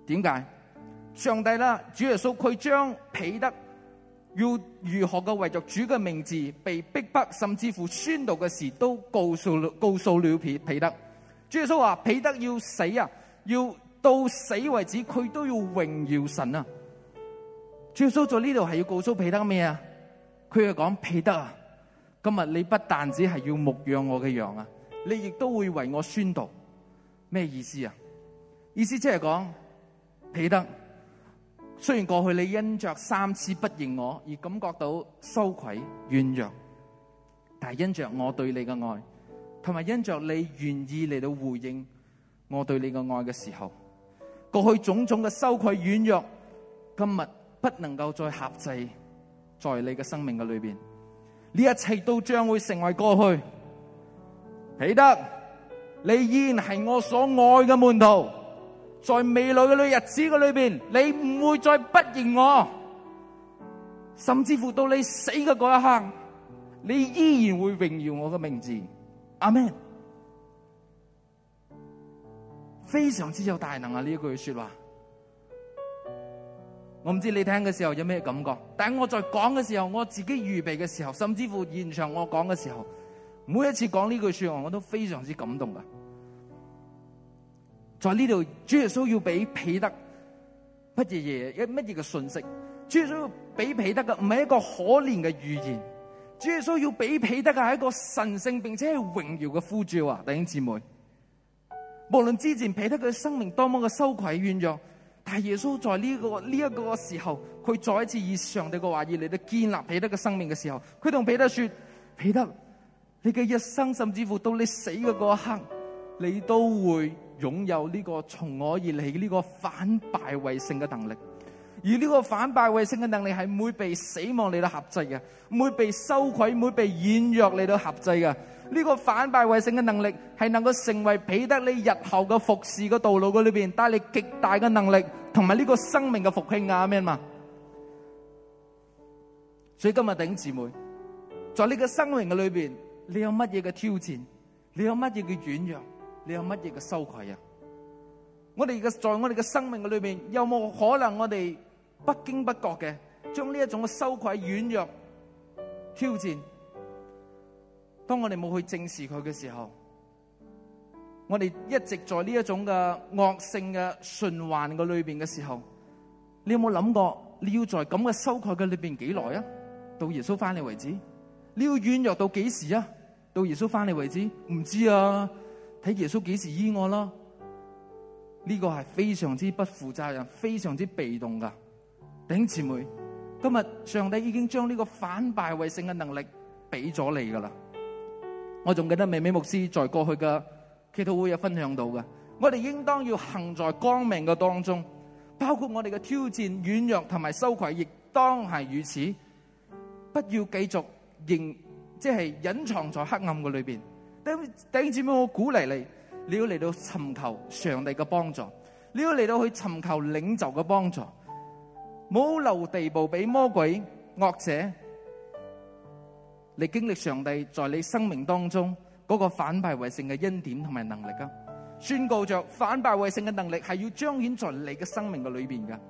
[SPEAKER 1] 點解？上帝啦，主耶穌佢將彼得要如何嘅為着主嘅名字被逼迫，甚至乎殉道嘅事都告訴了，告訴了彼得。主耶穌話：彼得要死啊，要到死為止，佢都要榮耀神啊。主耶穌在呢度係要告訴彼得咩啊？佢係講彼得啊，今日你不但只係要牧養我嘅羊啊，你亦都會為我殉道。咩意思啊？意思即係講彼得，雖然過去你因着三次不認我而感覺到羞愧軟弱，但係因着我對你嘅愛，同埋因着你願意嚟到回應我對你嘅愛嘅時候，過去種種嘅羞愧軟弱，今日不能夠再轄制在你嘅生命嘅裏邊，呢一切都將會成為過去，彼得。你依然係我所愛嘅門徒，在未來嘅日子嘅裏邊，你唔會再不認我，甚至乎到你死嘅嗰一刻，你依然會榮耀我嘅名字。Amen，非常之有大能啊！呢一句說話，我唔知你聽嘅時候有咩感覺，但係我在講嘅時候，我自己預備嘅時候，甚至乎現場我講嘅時候。每一次講呢句說話，我都非常之感動噶。在呢度，主耶穌要俾彼得乜嘢嘢、乜嘢嘅信息？主耶穌要俾彼得嘅唔係一個可憐嘅預言，主耶穌要俾彼得嘅係一個神聖並且係榮耀嘅呼召啊！弟兄姊妹，無論之前彼得嘅生命多麼嘅羞愧軟弱，但係耶穌在呢、這個呢一、這個時候，佢再一次以上帝嘅話語嚟到建立彼得嘅生命嘅時候，佢同彼得說：彼得。你嘅一生，甚至乎到你死嘅嗰一刻，你都會擁有呢個從我而嚟嘅呢個反敗為勝嘅能力。而呢個反敗為勝嘅能力係唔會被死亡嚟到限制嘅，唔會被羞愧，唔會被軟弱嚟到限制嘅。呢、這個反敗為勝嘅能力係能夠成為彼得你日後嘅服侍嘅道路嗰裏邊帶你極大嘅能力，同埋呢個生命嘅復興啊，咩嘛？所以今日弟兄姊妹，在呢個生命嘅裏邊。你有乜嘢嘅挑戰？你有乜嘢嘅軟弱？你有乜嘢嘅羞愧啊？我哋而家在我哋嘅生命嘅裏邊，有冇可能我哋不經不覺嘅將呢一種嘅羞愧、軟弱、挑戰？當我哋冇去正視佢嘅時候，我哋一直在呢一種嘅惡性嘅循環嘅裏邊嘅時候，你有冇諗過你要在咁嘅羞愧嘅裏邊幾耐啊？到耶穌翻嚟為止。你要軟弱到幾時啊？到耶穌翻嚟為止，唔知啊，睇耶穌幾時醫我啦。呢個係非常之不負責任、非常之被動噶。弟兄姊妹，今日上帝已經將呢個反敗為勝嘅能力俾咗你噶啦。我仲記得美美牧師在過去嘅祈禱會有分享到嘅，我哋應當要行在光明嘅當中，包括我哋嘅挑戰、軟弱同埋羞愧，亦當係如此。不要繼續。隱即係隱藏在黑暗嘅裏邊。頂住，姐妹我鼓勵你，你要嚟到尋求上帝嘅幫助，你要嚟到去尋求領袖嘅幫助，冇留地步俾魔鬼惡者。你經歷上帝在你生命當中嗰個反敗為勝嘅恩典同埋能力啊！宣告着反敗為勝嘅能力係要彰顯在你嘅生命嘅裏邊噶，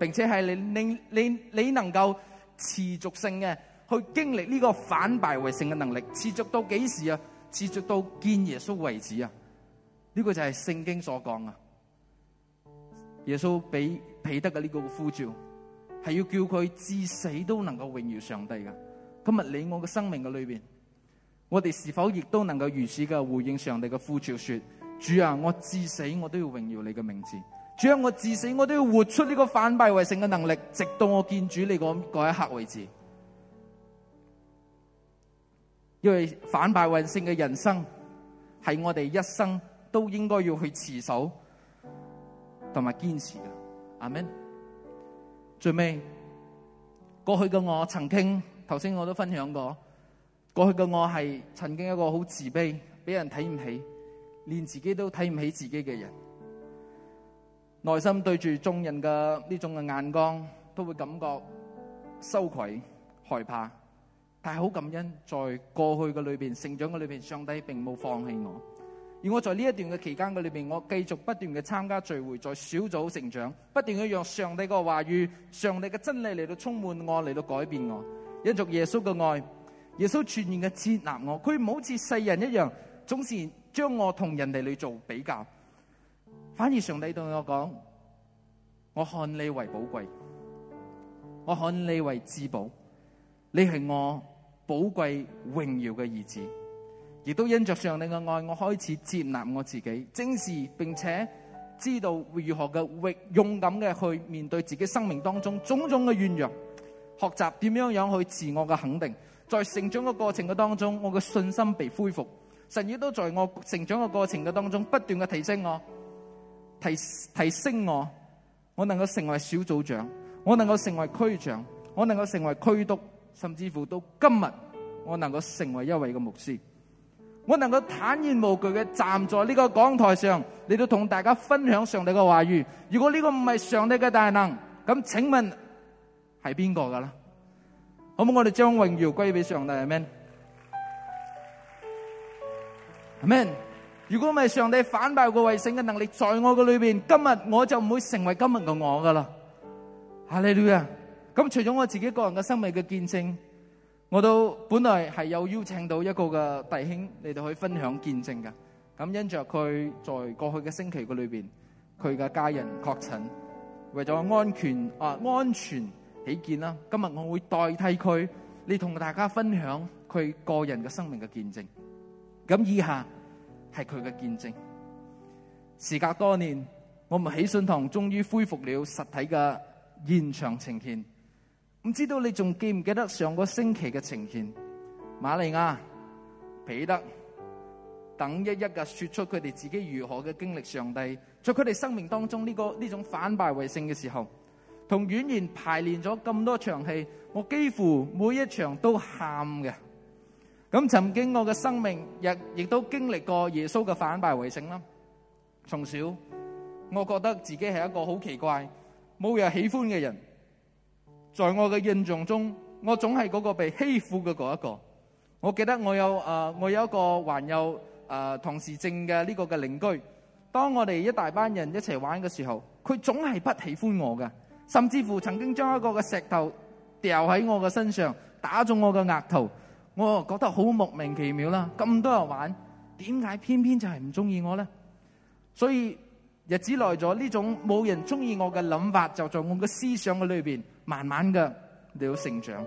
[SPEAKER 1] 並且係你令你你能夠持續性嘅去經歷呢個反敗為勝嘅能力，持續到幾時啊？持續到見耶穌為止啊！呢、這個就係聖經所講啊。耶穌俾彼得嘅呢個呼召，係要叫佢至死都能夠榮耀上帝噶。今日你我嘅生命嘅裏邊，我哋是否亦都能夠如此嘅回應上帝嘅呼召說？說主啊，我至死我都要榮耀你嘅名字。主啊，我至死我都要活出呢個反敗為勝嘅能力，直到我見主你嗰一刻為止。因為反敗為勝嘅人生係我哋一生都應該要去持守同埋堅持嘅，阿們。最尾，過去嘅我曾經，頭先我都分享過，過去嘅我係曾經一個好自卑、俾人睇唔起、連自己都睇唔起自己嘅人，內心對住眾人嘅呢種嘅眼光，都會感覺羞愧、害怕。但係好感恩，在過去嘅裏邊成長嘅裏邊，上帝並冇放棄我。而我在呢一段嘅期間嘅裏邊，我繼續不斷嘅參加聚會，在小組成長，不斷嘅讓上帝嘅話語、上帝嘅真理嚟到充滿我，嚟到改變我。因着耶穌嘅愛，耶穌全然嘅接納我，佢唔好似世人一樣，總是將我同人哋嚟做比較。反而上帝對我講：我看你為寶貴，我看你為至寶，你係我。寶貴榮耀嘅兒子，亦都因着上帝嘅愛，我開始接納我自己，正視並且知道如何嘅勇勇敢嘅去面對自己生命當中種種嘅軟弱，學習點樣樣去自我嘅肯定。在成長嘅過程嘅當中，我嘅信心被恢復。神亦都在我成長嘅過程嘅當中不斷嘅提升我，提提升我，我能夠成為小組長，我能夠成為區長，我能夠成為區督。甚至乎到今日，我能夠成為一位嘅牧師，我能夠坦然無懼嘅站在呢個講台上，嚟到同大家分享上帝嘅話語。如果呢個唔係上帝嘅大能，咁請問係邊個噶啦？好唔好？我哋將榮耀歸俾上帝，阿門，阿門。如果唔係上帝反敗為勝嘅能力在我嘅裏邊，今日我就唔會成為今日嘅我噶啦。哈利路亞。咁除咗我自己個人嘅生命嘅見證，我都本來係有邀請到一個嘅弟兄，你哋可以去分享見證嘅。咁因着佢在過去嘅星期嘅裏面，佢嘅家人確診，為咗安全啊安全起見啦，今日我會代替佢嚟同大家分享佢個人嘅生命嘅見證。咁以下係佢嘅見證。時隔多年，我們喜信堂終於恢復了實體嘅現場呈現。唔知道你仲記唔記得上個星期嘅呈現，瑪利亞、彼得等一一嘅說出佢哋自己如何嘅經歷上帝，在佢哋生命當中呢個呢種反敗為勝嘅時候，同演員排練咗咁多場戲，我幾乎每一場都喊嘅。咁曾經我嘅生命亦亦都經歷過耶穌嘅反敗為勝啦。從小我覺得自己係一個好奇怪、冇人喜歡嘅人。在我嘅印象中，我總係嗰個被欺負嘅嗰一個。我記得我有誒，我有一個患有誒唐氏症嘅呢個嘅鄰居。當我哋一大班人一齊玩嘅時候，佢總係不喜歡我嘅，甚至乎曾經將一個嘅石頭掉喺我嘅身上，打中我嘅額頭。我啊覺得好莫名其妙啦！咁多人玩，點解偏偏就係唔中意我咧？所以日子耐咗，呢種冇人中意我嘅諗法，就在我嘅思想嘅裏邊。慢慢嘅，你要成長，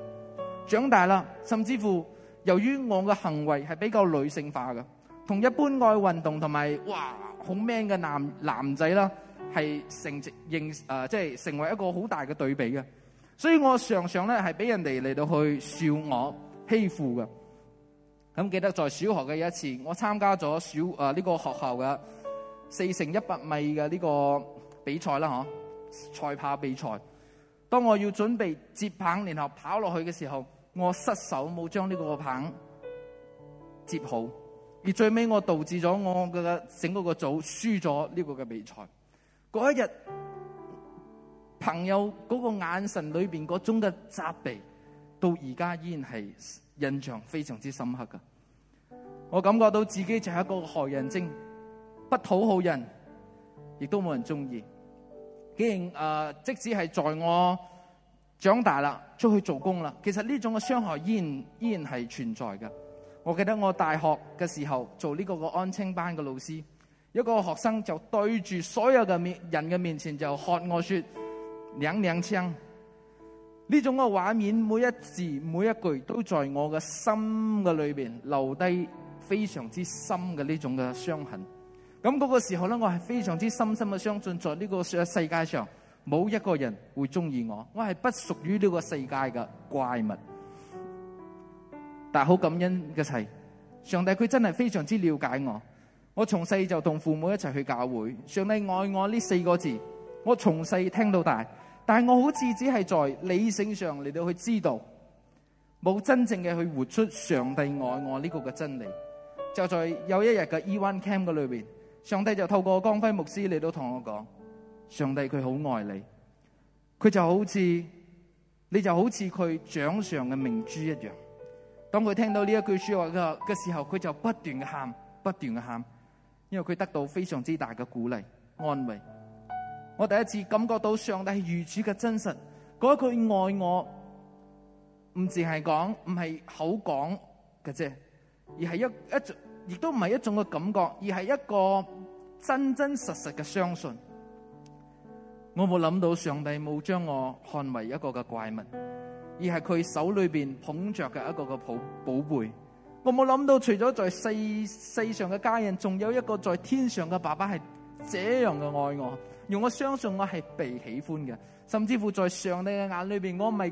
[SPEAKER 1] 長大啦，甚至乎由於我嘅行為係比較女性化嘅，同一般愛運動同埋哇好 man 嘅男男仔啦，係成直認誒，即係成為一個好大嘅對比嘅，所以我常常咧係俾人哋嚟到去笑我欺負嘅。咁記得在小學嘅一次，我參加咗小誒呢、呃這個學校嘅四乘一百米嘅呢個比賽啦，嗬、啊，賽跑比賽。當我要準備接棒，然後跑落去嘅時候，我失手冇將呢個棒接好，而最尾我導致咗我嘅整個組輸咗呢個嘅比賽。嗰一日，朋友嗰個眼神裏邊嗰種嘅責備，到而家依然係印象非常之深刻噶。我感覺到自己就係一個害人精，不討好人，亦都冇人中意。既然誒、呃、即使係在我長大啦，出去做工啦，其實呢種嘅傷害依然依然係存在嘅。我記得我大學嘅時候做呢個個安親班嘅老師，一個學生就對住所有嘅面人嘅面前就喝我說，娘娘腔。呢種嘅畫面，每一字每一句，都在我嘅心嘅裏邊留低非常之深嘅呢種嘅傷痕。咁嗰個時候咧，我係非常之深深嘅相信，在呢個世界上冇一個人會中意我，我係不屬於呢個世界嘅怪物。但係好感恩嘅係，上帝佢真係非常之了解我。我從細就同父母一齊去教會，上帝愛我呢四個字，我從細聽到大。但係我好似只係在理性上嚟到去知道，冇真正嘅去活出上帝愛我呢個嘅真理。就在有一日嘅 E1 Camp 嘅裏邊。上帝就透過光輝牧師你都同我講，上帝佢好愛你，佢就好似你就好似佢掌上嘅明珠一樣。當佢聽到呢一句說話嘅嘅時候，佢就不斷嘅喊，不斷嘅喊，因為佢得到非常之大嘅鼓勵安慰。我第一次感覺到上帝係如此嘅真實，嗰句愛我唔淨係講，唔係口講嘅啫，而係一一種，亦都唔係一種嘅感覺，而係一個。真真實實嘅相信，我冇諗到上帝冇將我看為一個嘅怪物，而係佢手裏邊捧着嘅一個嘅寶寶貝。我冇諗到除咗在世世上嘅家人，仲有一個在天上嘅爸爸係這樣嘅愛我，用我相信我係被喜歡嘅，甚至乎在上帝嘅眼裏邊，我唔係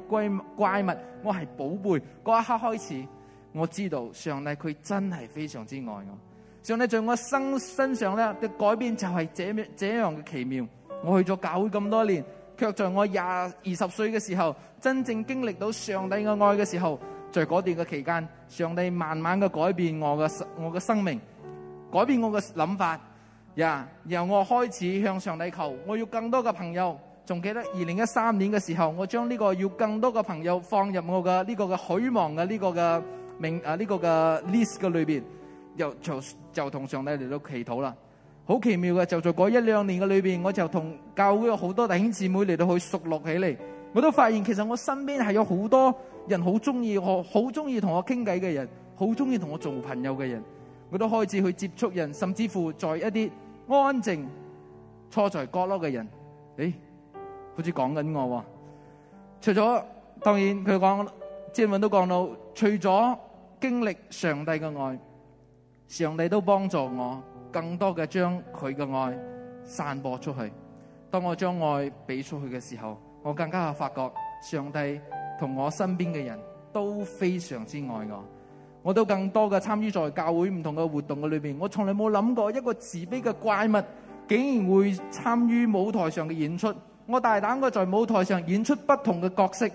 [SPEAKER 1] 怪物，我係寶貝。嗰一刻開始，我知道上帝佢真係非常之愛我。上帝在我身身上咧嘅改變就係這樣這樣嘅奇妙。我去咗教會咁多年，卻在我廿二十歲嘅時候，真正經歷到上帝嘅愛嘅時候，在嗰段嘅期間，上帝慢慢嘅改變我嘅我嘅生命，改變我嘅諗法。呀，然後我開始向上帝求，我要更多嘅朋友。仲記得二零一三年嘅時候，我將呢個要更多嘅朋友放入我嘅呢、呢個嘅許望嘅呢、呢個嘅名啊呢、呢個嘅 list 嘅裏邊，由從。由就同上帝嚟到祈禱啦，好奇妙嘅，就在嗰一兩年嘅裏邊，我就同教會有好多弟兄姊妹嚟到去熟絡起嚟。我都發現其實我身邊係有好多人好中意我，好中意同我傾偈嘅人，好中意同我做朋友嘅人。我都開始去接觸人，甚至乎在一啲安靜、坐在角落嘅人，誒、哎，好似講緊我。除咗當然，佢講，之前都講到，除咗經歷上帝嘅愛。上帝都幫助我，更多嘅將佢嘅愛散播出去。當我將愛俾出去嘅時候，我更加發覺，上帝同我身邊嘅人都非常之愛我。我都更多嘅參與在教會唔同嘅活動裏面。我從來冇諗過一個自卑嘅怪物，竟然會參與舞台上嘅演出。我大膽嘅在舞台上演出不同嘅角色。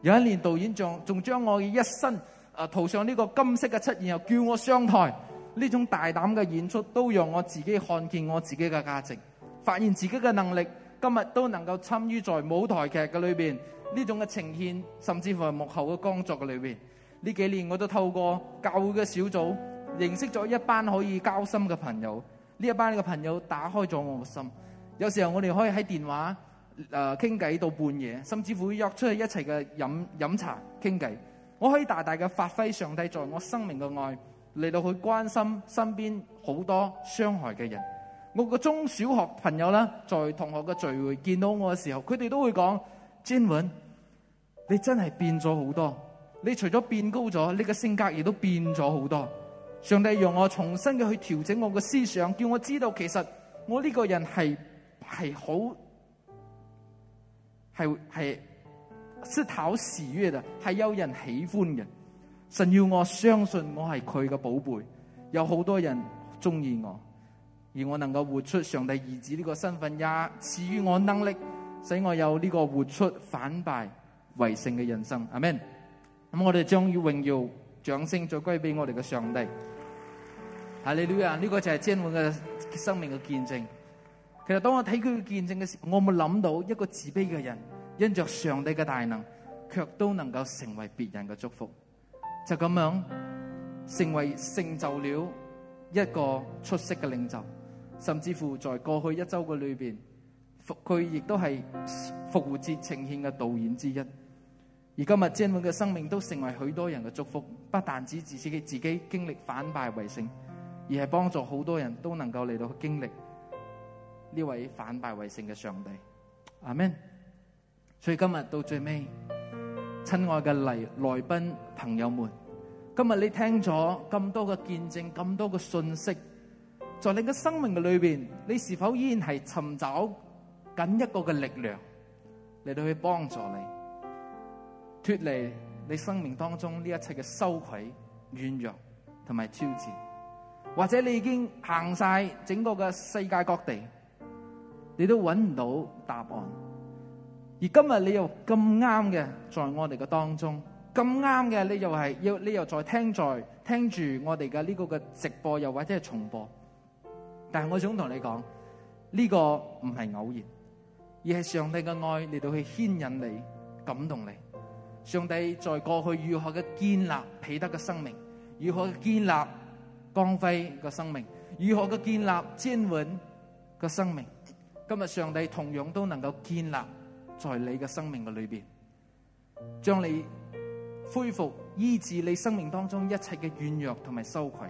[SPEAKER 1] 有一年，導演仲仲將我嘅一身啊塗上呢個金色嘅漆，又叫我上台。呢種大膽嘅演出都讓我自己看見我自己嘅價值，發現自己嘅能力。今日都能夠參與在舞台劇嘅裏面。呢種嘅呈現，甚至乎喺幕後嘅工作嘅裏邊。呢幾年我都透過教會嘅小組認識咗一班可以交心嘅朋友。呢一班嘅朋友打開咗我嘅心。有時候我哋可以喺電話誒傾偈到半夜，甚至乎約出去一齊嘅飲飲茶傾偈。我可以大大嘅發揮上帝在我生命嘅愛。嚟到去關心身邊好多傷害嘅人，我個中小學朋友啦，在同學嘅聚會見到我嘅時候，佢哋都會講 Jinwin，你真係變咗好多，你除咗變高咗，你嘅性格亦都變咗好多。上帝讓我重新嘅去調整我嘅思想，叫我知道其實我呢個人係係好，係係識討喜悅嘅，係有人喜歡嘅。神要我相信我係佢嘅寶貝，有好多人中意我，而我能夠活出上帝兒子呢個身份，也賜予我能力，使我有呢個活出反敗為勝嘅人生。阿 Man，咁我哋將要榮耀掌聲，再歸俾我哋嘅上帝。阿李女啊，呢、這個就係真我嘅生命嘅見證。其實當我睇佢嘅見證嘅時，我冇諗到一個自卑嘅人，因着上帝嘅大能，卻都能夠成為別人嘅祝福。就咁樣，成為成就了一個出色嘅領袖，甚至乎在過去一周嘅裏邊，佢亦都係復活節呈獻嘅導演之一。而今日詹姆嘅生命都成為許多人嘅祝福，不但止自己自己經歷反敗為勝，而係幫助好多人都能夠嚟到經歷呢位反敗為勝嘅上帝。阿門。所以今日到最尾。親愛嘅嚟來賓朋友們，今日你聽咗咁多嘅見證，咁多嘅信息，在你嘅生命嘅裏邊，你是否依然係尋找緊一個嘅力量嚟到去幫助你，脫離你生命當中呢一切嘅羞愧、軟弱同埋挑戰，或者你已經行晒整個嘅世界各地，你都揾唔到答案。而今日你又咁啱嘅，在我哋嘅當中咁啱嘅，你又係要你又再聽在聽住我哋嘅呢個嘅直播又或者係重播，但係我想同你講呢個唔係偶然，而係上帝嘅愛嚟到去牽引你、感動你。上帝在過去如何嘅建立彼得嘅生命，如何嘅建立光輝嘅生命，如何嘅建立堅穩嘅生命，今日上帝同樣都能夠建立。在你嘅生命嘅裏邊，將你恢復醫治你生命當中一切嘅軟弱同埋羞愧，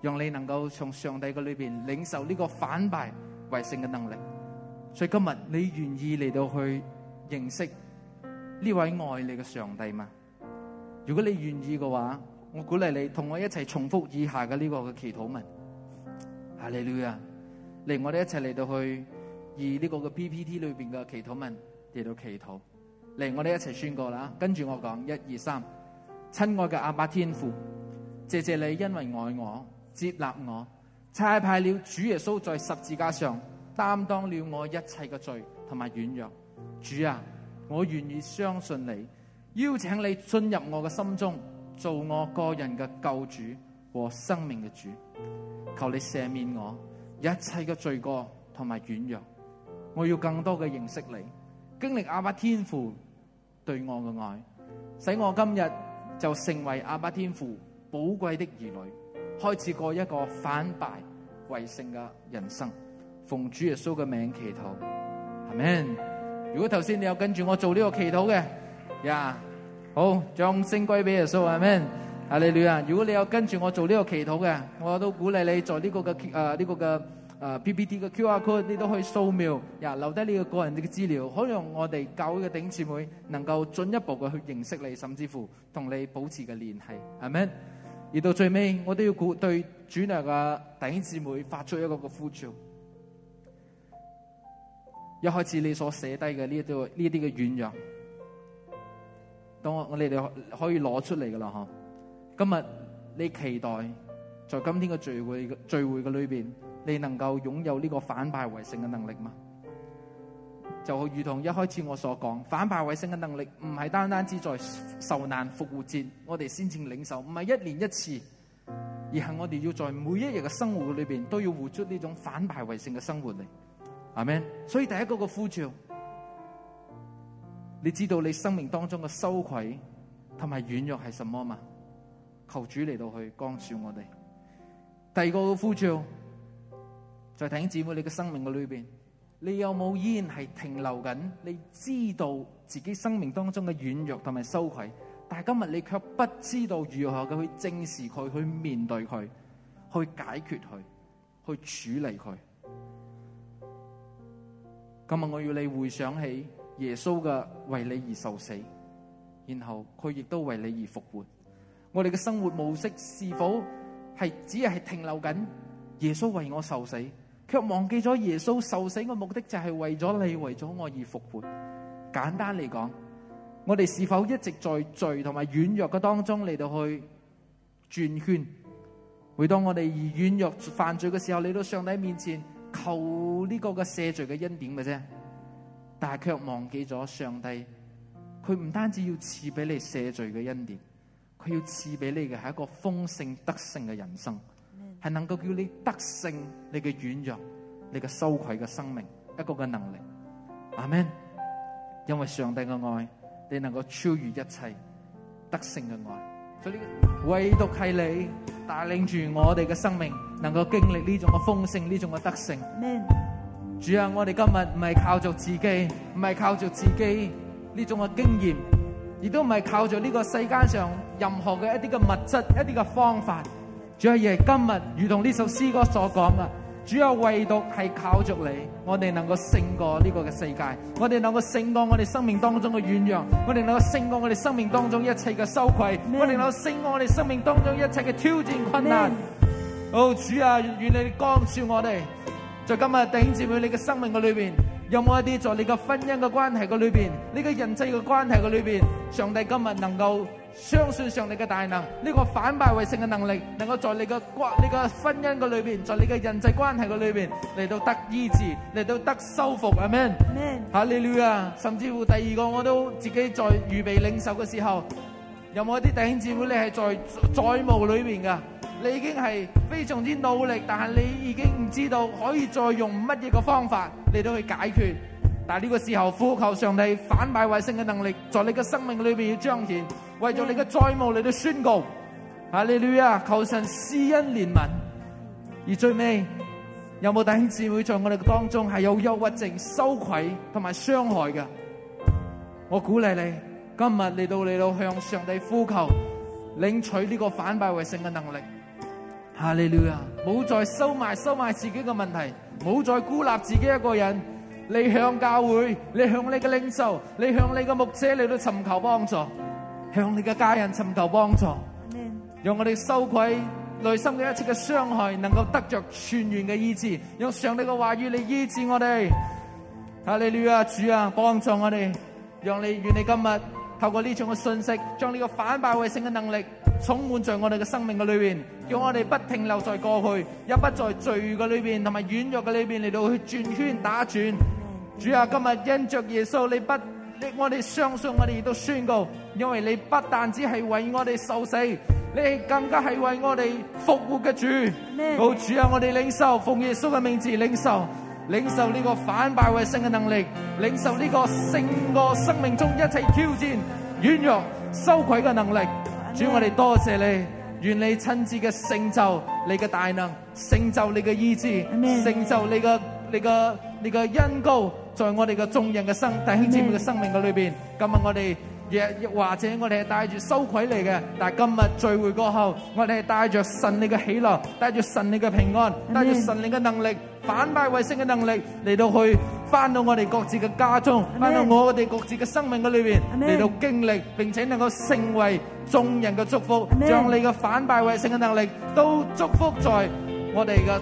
[SPEAKER 1] 讓你能夠從上帝嘅裏邊領受呢個反敗為勝嘅能力。所以今日你願意嚟到去認識呢位愛你嘅上帝嗎？如果你願意嘅話，我鼓勵你同我一齊重複以下嘅呢個嘅祈禱文。哈利路亞，嚟，我哋一齊嚟到去以呢個嘅 PPT 裏邊嘅祈禱文。嚟到祈禱，嚟，我哋一齊宣告啦。跟住我講，一二三，親愛嘅阿爸天父，謝謝你，因為愛我接納我，差派了主耶穌在十字架上擔當了我一切嘅罪同埋軟弱。主啊，我願意相信你，邀請你進入我嘅心中，做我個人嘅救主和生命嘅主。求你赦免我一切嘅罪過同埋軟弱，我要更多嘅認識你。經歷阿爸天父對我嘅愛，使我今日就成為阿爸天父寶貴的兒女，開始過一個反敗為勝嘅人生。奉主耶穌嘅名祈禱，阿們。如果頭先你有跟住我做呢個祈禱嘅，呀、yeah,，好掌聲歸俾耶穌，阿們。阿麗女啊，如果你有跟住我做呢個祈禱嘅，我都鼓勵你在呢個嘅啊呢個嘅。這個誒、uh, PPT 嘅 QR code 你都可以掃描，呀、yeah, 留低你嘅個人嘅資料，好讓我哋教會嘅弟兄姊妹能夠進一步嘅去認識你，甚至乎同你保持嘅聯繫，係咪？而到最尾，我都要鼓對主內嘅弟兄姊妹發出一個呼召。一開始你所寫低嘅呢啲呢啲嘅軟弱，當我我你哋可以攞出嚟㗎啦。哈，今日你期待在今天嘅聚會聚會嘅裏邊。你能夠擁有呢個反敗為勝嘅能力嗎？就如同一開始我所講，反敗為勝嘅能力唔係單單只在受難復活節，我哋先至領受，唔係一年一次，而係我哋要在每一日嘅生活裏邊都要活出呢種反敗為勝嘅生活嚟。阿門。所以第一個嘅呼召，你知道你生命當中嘅羞愧同埋軟弱係什麼嗎？求主嚟到去干涉我哋。第二個嘅呼召。弟兄姊妹，你嘅生命嘅裏邊，你有冇依然係停留緊？你知道自己生命當中嘅軟弱同埋羞愧，但係今日你卻不知道如何嘅去正視佢，去面對佢，去解決佢，去處理佢。今日我要你回想起耶穌嘅為你而受死，然後佢亦都為你而復活。我哋嘅生活模式是否係只係停留緊耶穌為我受死？卻忘記咗耶穌受死嘅目的就係為咗你為咗我而復活。簡單嚟講，我哋是否一直在罪同埋軟弱嘅當中嚟到去轉圈？每當我哋而軟弱犯罪嘅時候，嚟到上帝面前求呢個嘅赦罪嘅恩典嘅啫，但係卻忘記咗上帝，佢唔單止要賜俾你赦罪嘅恩典，佢要賜俾你嘅係一個豐盛得勝嘅人生。係能夠叫你得勝你嘅軟弱，你嘅羞愧嘅生命一個嘅能力，阿們因為上帝嘅愛，你能夠超越一切得勝嘅愛。所以、呢個、唯獨係你帶領住我哋嘅生命，能夠經歷呢種嘅豐盛，呢種嘅得勝。Amen 主啊，我哋今日唔係靠著自己，唔係靠著自己呢種嘅經驗，亦都唔係靠著呢個世間上任何嘅一啲嘅物質，一啲嘅方法。主啊，耶！今日如同呢首詩歌所講啊，主啊，唯獨係靠着你，我哋能夠勝過呢個嘅世界，我哋能夠勝過我哋生命當中嘅軟弱，我哋能夠勝過我哋生命當中一切嘅羞愧，我哋能夠勝過我哋生命當中一切嘅挑戰困難。好，主啊，願你光照我哋，在今日頂住佢你嘅生命嘅裏邊，有冇一啲在你嘅婚姻嘅關係嘅裏邊，你嘅人際嘅關係嘅裏邊，上帝今日能夠。相信上你嘅大能，呢、這個反敗為勝嘅能力，能夠在你嘅關、你嘅婚姻嘅裏邊，在你嘅人際關係嘅裏邊，嚟到得醫治，嚟到得修復，阿們哈利路亞。甚至乎第二個我都自己在預備領受嘅時候，有冇一啲弟兄姊妹你係在債務裏邊噶？你已經係非常之努力，但係你已經唔知道可以再用乜嘢嘅方法嚟到去解決。但係呢個時候，呼求上帝反敗為勝嘅能力，在你嘅生命裏邊要彰顯，為咗你嘅債務嚟到宣告。哈利路亞，求神施恩憐憫。而最尾，有冇弟兄姊妹在我哋當中係有憂鬱症、羞愧同埋傷害嘅？我鼓勵你，今日嚟到嚟到向上帝呼求，領取呢個反敗為勝嘅能力。哈利路亞，冇再收埋收埋自己嘅問題，冇再孤立自己一個人。你向教會，你向你嘅領袖，你向你嘅牧者，嚟到尋求幫助，向你嘅家人尋求幫助，讓我哋羞愧內心嘅一切嘅傷害，能夠得着全完嘅醫治，用上帝嘅話語嚟醫治我哋。阿利亞主啊，幫助我哋，讓你願你今日透過呢種嘅信息，將呢個反敗為勝嘅能力。充滿在我哋嘅生命嘅裏邊，叫我哋不停留在過去，也不在罪嘅裏邊同埋軟弱嘅裏邊嚟到去轉圈打轉。主啊，今日因着耶穌，你不，我哋相信我哋亦都宣告，因為你不但止係為我哋受死，你係更加係為我哋復活嘅主。咩？好主啊，我哋領受，奉耶穌嘅名字領受，領受呢個反敗為勝嘅能力，領受呢個勝過生命中一切挑戰、軟弱、羞愧嘅能力。主，我哋多謝你，願你親自嘅成就，你嘅大能，成就你嘅意志，成就你嘅你嘅你嘅恩膏，在我哋嘅眾人嘅生弟兄姊妹嘅生命嘅裏邊。今日我哋亦亦或者我哋係帶住羞愧嚟嘅，但係今日聚會過後，我哋係帶着神你嘅喜樂，帶住神你嘅平安，帶住神你嘅能力，反敗為勝嘅能力嚟到去。返到我哋各自嘅家中，返到我哋各自嘅生命嘅裏邊嚟到經歷，並且能夠成為眾人嘅祝福，將你嘅反敗為勝嘅能力都祝福在我哋嘅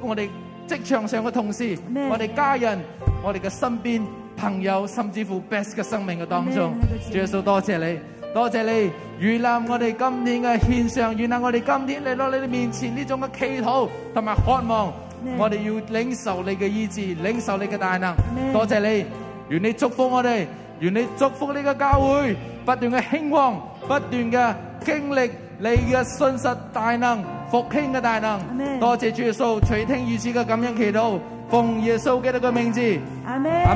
[SPEAKER 1] 我哋職場上嘅同事、我哋家人、我哋嘅身邊朋友，甚至乎 best 嘅生命嘅當中。主耶穌，多謝你，多謝你，悅納我哋今年嘅獻上，悅納我哋今天嚟到你哋面前呢種嘅祈禱同埋渴望。Amen. 我哋要領受你嘅意志，領受你嘅大能。Amen. 多謝你，願你祝福我哋，願你祝福呢個教會，不斷嘅興旺，不斷嘅經歷你嘅信實大能、復興嘅大能。Amen. 多謝主耶穌垂聽如此嘅感恩祈禱，奉耶穌基督嘅名字，阿門，阿